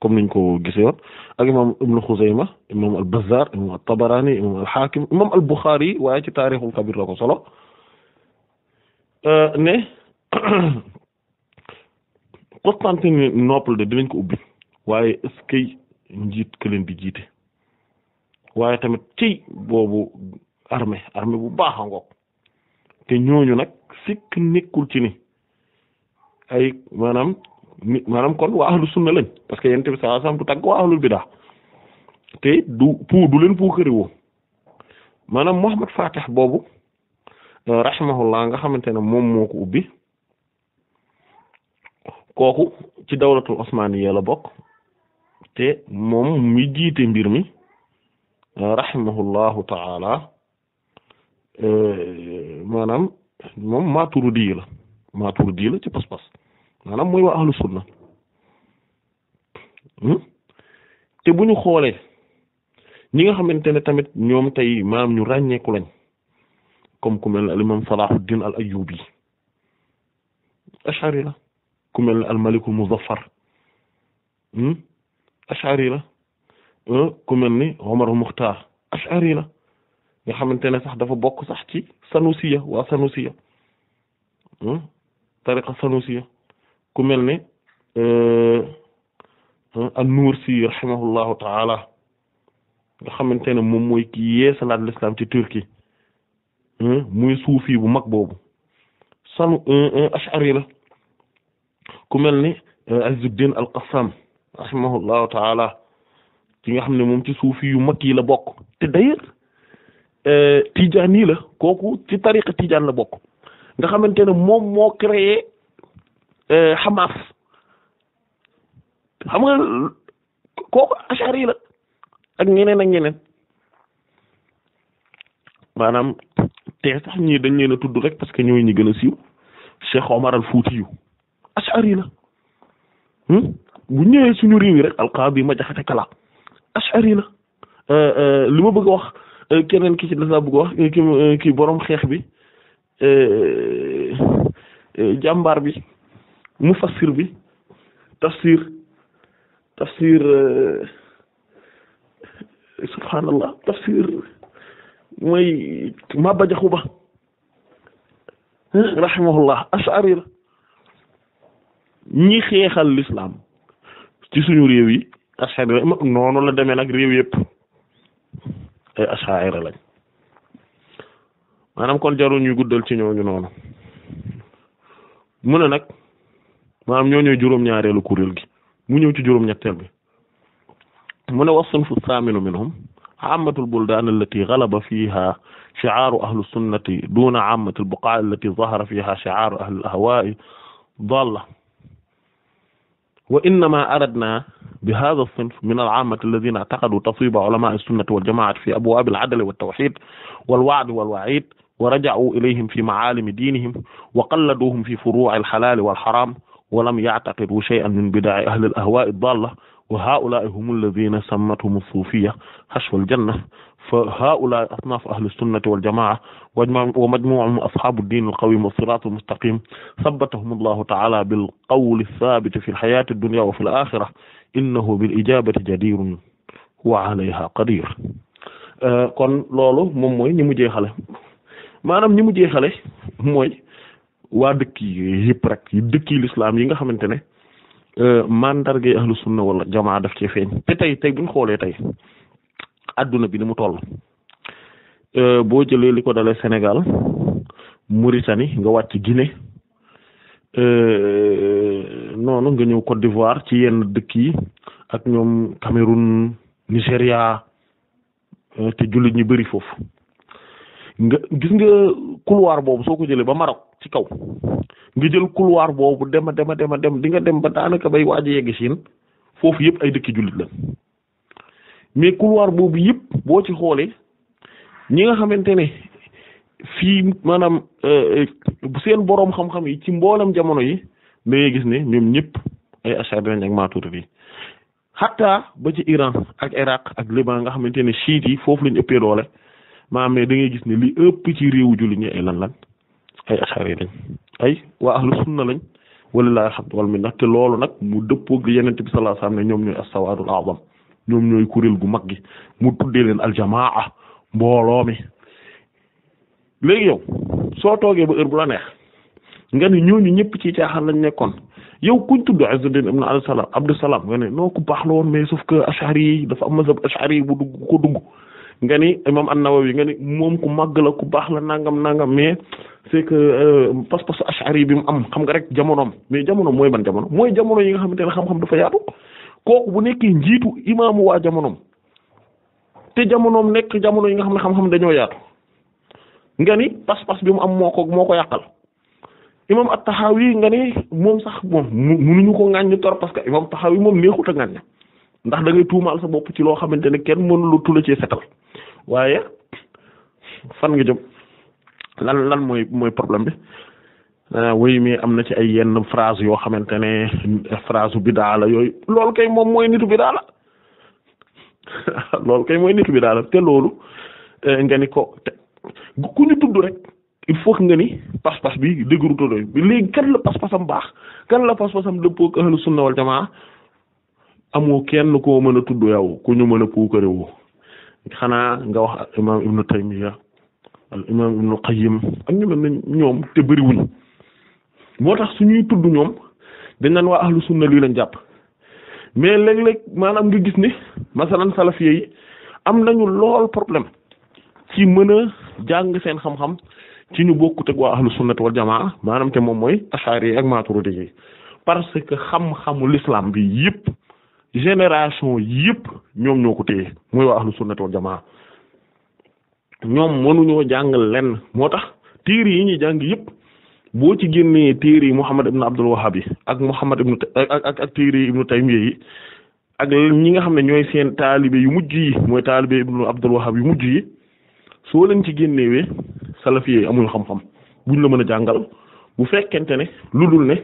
كم نكو غيسيون اك امام ابن خزيمه امام البزار امام الطبراني امام الحاكم امام البخاري واي تاريخ الكبير لكو صلو ا أه، ني قسطنطينيه نوبل دي دي نكو اوبي واي اسكي نجيت كلين دي جيتي waaye tamit ci boobu armée armée bu baax a ngoog te ñooñu nag sikk nekkul ci ni ay maanaam ni maanaam kon waa ahlu sunna lañ parce que yonent bi sallallahu alayhi wasallam du tàgg waa ahlul bidaa te du pou leen pou këriwoo maanaam Muhammad Fatih boobu euh, rahimahullah nga xamante ne moom moo ko ubbi kooku ci dawlatul osmaniya la bokk te moom mi jiite mbir mi rahimahu llahu taala maanaam moom Maturidi la Maturidi la ci pas-pas maanaam mooy waa ahlu sunna te bu ñu xoolee ñi nga xamante ne tamit ñoom tey maam ñu ràññeeku lañ comme ku mel ne al imam Salahuddin al Ayyubi ashari la ku mel ne al Malikul Muzaffar ashari la ku melni Omar Muxtaar Ash'ari la nga xamantene sax dafa bok sax ci Sanusiya wa Sanusiya hmm tariqa Sanusiya ku melni euh an-Nursi rahimahullahu ta'ala nga xamantene mom moy ki yeesalat l'islam ci Turki hmm muy soufi bu mak bobu sanu Ash'ari la ku melni ni Izzuddin al-Qassam rahimahullahu ta'ala ci nga xam ne moom ci suufi yu ma yi la bokk te d'ailleurs euh, tijaan yi la kooku ci tariqa tijaan la bokk nga xamante ne moom moo créé euh, Hamas xam nga kooku achar la ak ñeneen ak ñeneen maanaam te sax ñii dañ leen a tudd rek parce que ñooy ñi gën a siiw Cheikh Omar al Fuuti yu achar yi la hmm? bu ñëwee suñu réew yi rek alqaadi ma jaxate kala ashari la euh, euh, li ma bëgg a wax euh, keneen ki ci des laa bëgg wax ki ki borom xeex bi jàmbaar bi mufassir bi tafsir tafsir subhanallah tafsir mooy ma Jaxu Ba rahimahullah ashari la ñi xeexal l'islam ci suñu réew yi asaira nonu la deme nak rew yëpp ay asaira lañ manam kon jaru ñuy guddal ci ñooñu noonu mu ne nag maanaam ñoo ñooy juróom-ñaareelu kuréel gi mu ñëw ci juroom ñettel bi mune ne fu saaminu minhum amatul buldan allati ghalaba fiha shi'aru ahlu sunnati duna amatul buqaa allati dhahara fiha shi'aru ahli al ahwaa'i dalla وإنما أردنا بهذا الصنف من العامة الذين اعتقدوا تصويب علماء السنة والجماعة في أبواب العدل والتوحيد والوعد والوعيد ورجعوا إليهم في معالم دينهم وقلدوهم في فروع الحلال والحرام ولم يعتقدوا شيئا من بدع أهل الأهواء الضالة وهؤلاء هم الذين سمتهم الصوفية حشو الجنة فهؤلاء أصناف أهل السنة والجماعة ومجموع أصحاب الدين القويم والصراط المستقيم ثبتهم الله تعالى بالقول الثابت في الحياة الدنيا وفي الآخرة إنه بالإجابة جدير وعليها قدير كون لولو موموي ني مو جيخال مانام ني جيخال موي وا دكي ييب رك دكي الاسلام ييغا خامتاني ماندارغي اهل السنه ولا جماعه داف فين تي تي بون خوله تي adduna bi ni mu toll euh, boo jëlee li ko dalee Sénégal Mauritanie nga wàcc Guinée euh, noonu nga ñëw Côte d'Ivoire ci yenn dëkk yi ak ñoom Cameroun Nigéria euh, te jullit ñu bëri foofu nga gis nga couloir boobu soo ko jëlee ba Maroc ci kaw nga jël couloir boobu dema dema dema dem di nga dem ba daanaka bay waaj a yegg siin foofu yëpp ay dëkki jullit la mais couloir boobu yëpp boo ci xoolee ñi nga xamante ne fii maanaam euh, seen boroom xam-xam yi ci mboolem jamono yi da ngay gis ne ñoom ñëpp ay ashari lañ ak maturidi xataa ba ci Iran ak Irak ak Liban nga xamante ne chiites yi foofu lañ ëppee doole maanaam mais da ngay gis ne li ëpp ci réewu jullit ñi ay lan lan ay ashari lañ ay waa ahlu sunna lañ walillahi alhamdu wal te loolu nag mu dëppoog li yeneen bi sallallahu alayhi wasallam ne ñoom ñooy as-sawaadul a'zam ñoom ñooy kuréel gu mag gi mu tuddee leen aljamaa mbooloo mi léegi yow soo toogee ba heure bu la neex nga ni ñooñu ñëpp ci caaxaan lañ nekkoon yow kuñ tudd Izzuddin ibn Abdussalam Abdussalam nga ne noo ku baax la woon mais sauf que ashari yi dafa am mazhab ashari yi bu dugg ko dugg nga ni imam an-Nawawi nga ni moom ku màgg la ku baax la nangam nangam mais c'est que euh, pas-pas ashari bi mu am xam nga rek jamonoom mais jamono mooy ban jamono mooy jamono yi nga xamante ne xam-xam dafa yaatu. kok bu nekkee njitu imam wa jamonom te jamonom nek jamono yi nga xam xam-xam dañoo yaatu nga ni pas-pas bi mu am moko moko yakal imam at-Tahawi nga ni moom sax munu ñu ko ngagne tor parce que imam tahawi mom neexu ta ngagne ndax da ngay tuumal sa bop ci lo xamantene kenn mënu lu tula ci setal waye fan nga jëm lan lan moy moy problème bi. woy euh, mi am na ci ay yenn phrase yoo xamante ne phrase bidaa la yooyu lool kay moom mooy nitu bidaa la loolu kay mooy nitu bidaa la te loolu euh, nga ni ko te ku tudd rek il faut que nga ni pas-pas bi dëgëru doy léegi kan la pas-pasam baax kan la pas-pasam dëppoo ahlu sunna wal jamaa amoo kenn koo mën a tudd yow ku ñu mën a puukarewoo xanaa nga wax al imam ibnu taymiya al imam ibnu qayyim ak ñu mel ñoom te bëriwuñ moo tax suñuy tudd ñoom dañ naan waa ahlu sunna lii lañ jàpp mais léeg-léeg maanaam nga gis ni masalan salafiyé yi am nañu lool problème ci mën a jàng seen xam-xam ci ñu bokkut ak waa ahlu sunnat maanaam te moom mooy ashari yi ak maturidi yi xam-xamu l'islam bi yëpp génération yëpp ñoom ñoo ko téye mooy waa ahlu sunnat jamaa ñoom mënuñoo jàng lenn moo tax tiir yi ñuy jàng yëpp boo ci génnee téere yi Muhammad ibn Abdul Wahhab yi ak Muhammad ibn ak ak ak téere yi Ibnu Taymiyya yi ak ñi nga xam ne ñooy seen taalibe yu mujj yi mooy taalibe Ibnu Abdul Wahhab yu mujj yi soo leen ci génnewee salafiyé amul xam-xam buñ la mën a jàngal bu fekkente ne lu dul ne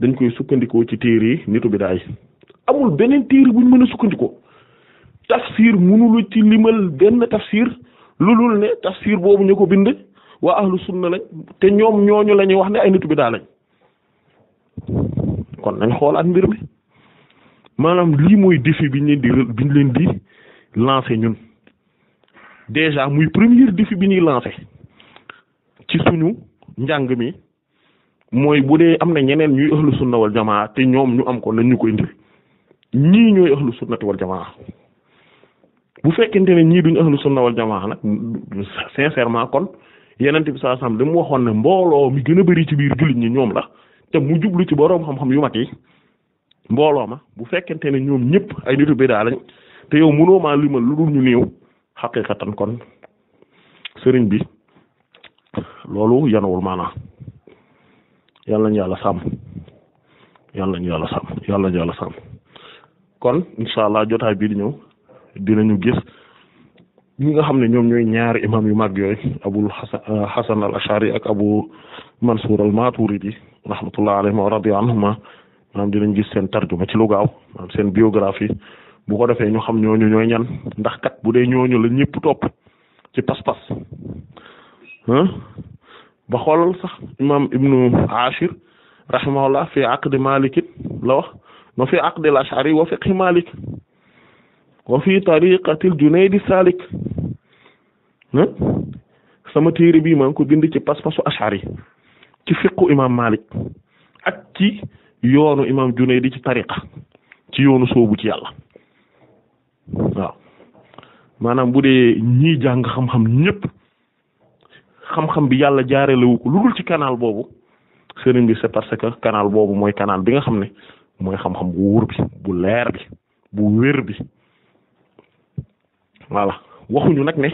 dañ koy sukkandikoo ci téere yi nitu bidaa yi amul beneen téere buñ mën a sukkandikoo tafsir mënulu ci limal benn tafsir lu dul ne tafsir boobu ñu ko bind waa ahlu sunna lañ te ñoom ñooñu la ñuy wax ne ay nitu daa lañ kon nañ xoolaat mbir mi maanaam lii mooy défi bi ñu di bi leen di lancer ñun déjà muy premier défi bi ñuy lancer ci suñu njàng mi mooy bu dee am na ñeneen ñuy ahlu sunna wal jamaa te ñoom ñu am ko nañ ñu koy indil ñii ñooy ahlu sunnati wal jamaa bu fekkente ne ñii duñ ahlu sunna wal jamaa nag sincèrement kon yenent bi saa sam li mu waxoon ne mbooloo mi gën a bari ci biir jullit ñi ñoom la te mu jublu ci boroom xam-xam yu mag yi mbooloo ma bu fekkente ne ñoom ñëpp ay nitu bidaa te yow mënoo maa limal lu dul ñu néew xaqiqatan kon sëriñ bi loolu yanawul maanaam yàlla ñu yàlla sàmm yàlla ñu yàlla sàmm yàlla ñu yàlla sàmm kon incha allah jotaay bii di ñëw dinañu gis. ñi nga xam ne ñoom ñooy ñaari imam yu mag yooyu abul hasan euh, al ashari ak abu mansur al maturidi rahmatullah alayhim a radiya anhuma maanaam dinañ gis seen tarjuma ci lu gaaw seen biographie bu ko defee ñu xam ñooñu ñooy ñan ndax kat bu dee ñooñu la ñëpp topp ci pas-pas ba xoolal sax imam ibnu ashir rahimahullah fi aqdi malik la wax no fi aqdi al ashari wa fiqhi malik wa fi tariqatil Junayd Salik sama téere bii maa ngi ko bind ci pas-pasu Ash'ari ci fiqu imam Malik ak ci yoonu imam Junayd ci tariqa ci yoonu soobu ci yàlla waaw maanaam bu dee ñii jàng xam-xam ñëpp xam-xam bi yàlla jaarelewu ko lu dul ci kanaal boobu sëriñ bi c'est parce que kanaal boobu mooy canal bi nga xam ne mooy xam-xam bu wóor bi bu leer bi bu wér bi voilà waxuñu nag ne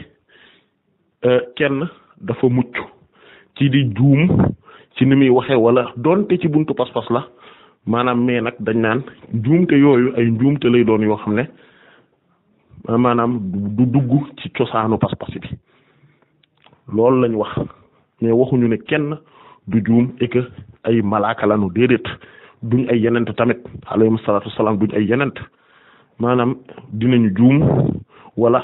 euh, kenn dafa mucc ci di juum ci ni muy waxee wala donte ci buntu pas-pas la maanaam mais nag dañ naan njuumte yooyu ay njuumte lay doon yoo xam ne maanaam du dugg ci cosaanu pas-pas bi loolu lañ wax mais waxuñu ne kenn du juum et ay malaaka lanu déedéet duñ ay yenent tamit alayhum salaatu wasalaam duñ ay yenent maanaam dinañu juum wala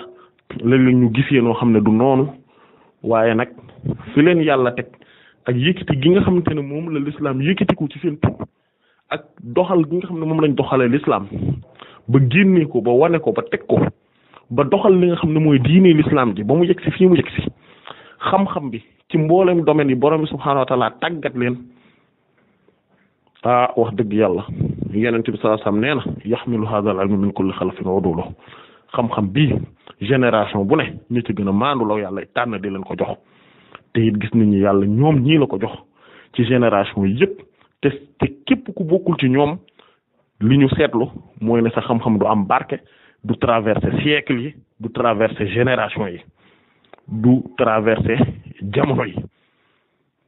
léeg-léeg ñu gisee noo xam ne du noonu waaye nag fi leen yàlla teg ak yëkkati gi nga xamante ne moom la lislaam yëkkatiku ci seen tur ak doxal gi nga xam ne moom lañ doxalee lislaam ba génnee ko ba wane ko ba teg ko ba doxal li nga xam ne mooy diine lislaam ji ba mu yegg si fii mu yegg xam-xam bi ci mboolem domaine yi borom bi subhaanahu wa tàggat leen ah wax dëgg yàlla yonent bi sallallahu alayhi wasallam nee na yaxmilu haadal ilma min kulli xalafin wadulo xam-xam bi génération bu ne ñu ci gën a maandulaw yàlla tànn di leen ko jox te it gis nañu yàlla ñoom ñii la ko jox ci génération yëpp te képp ku bokkul ci ñoom li ñu seetlu mooy ne sa xam-xam du am barke du traverser siècle yi du traverser génération yi du traverser jamono yi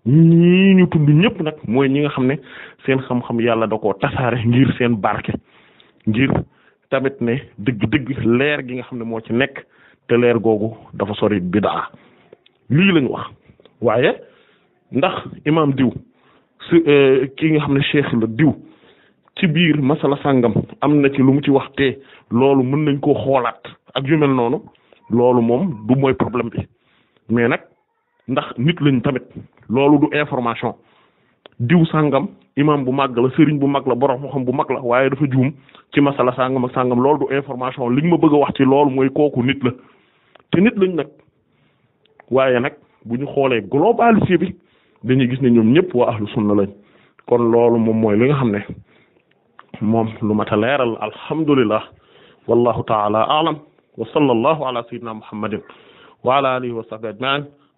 ñii ñu tudd ñëpp nag mooy ñi nga xam ne seen xam-xam yàlla da koo tasaare ngir seen barke ngir tamit ne dëgg-dëgg leer gi nga xam ne moo ci nekk te leer googu dafa sori bidaa lii lañ wax waaye ndax imam diw su euh, ki nga xam ne cheikh la diw ci biir masala sàngam am na ci lu mu ci wax te loolu mën nañ koo xoolaat ak yu noonu loolu moom du mooy problème bi mais nag ndax nit lañ tamit loolu du information diw sàngam imam bu mag la sëriñ bu mag la borom xam bu mag la waaye dafa juum ci masala sàngam ak sàngam loolu du information liñ ma bëgg wax ci loolu mooy kooku nit la te nit lañ nag waaye nag bu ñu xoolee globalité bi da gis ne ñoom ñëpp waa ahlu sunna lañ kon loolu moom mooy li nga xam ne moom lu mat a leeral alhamdulillah wallahu taala alam wa sallallahu ala sayyidina muhammadin wa ala wa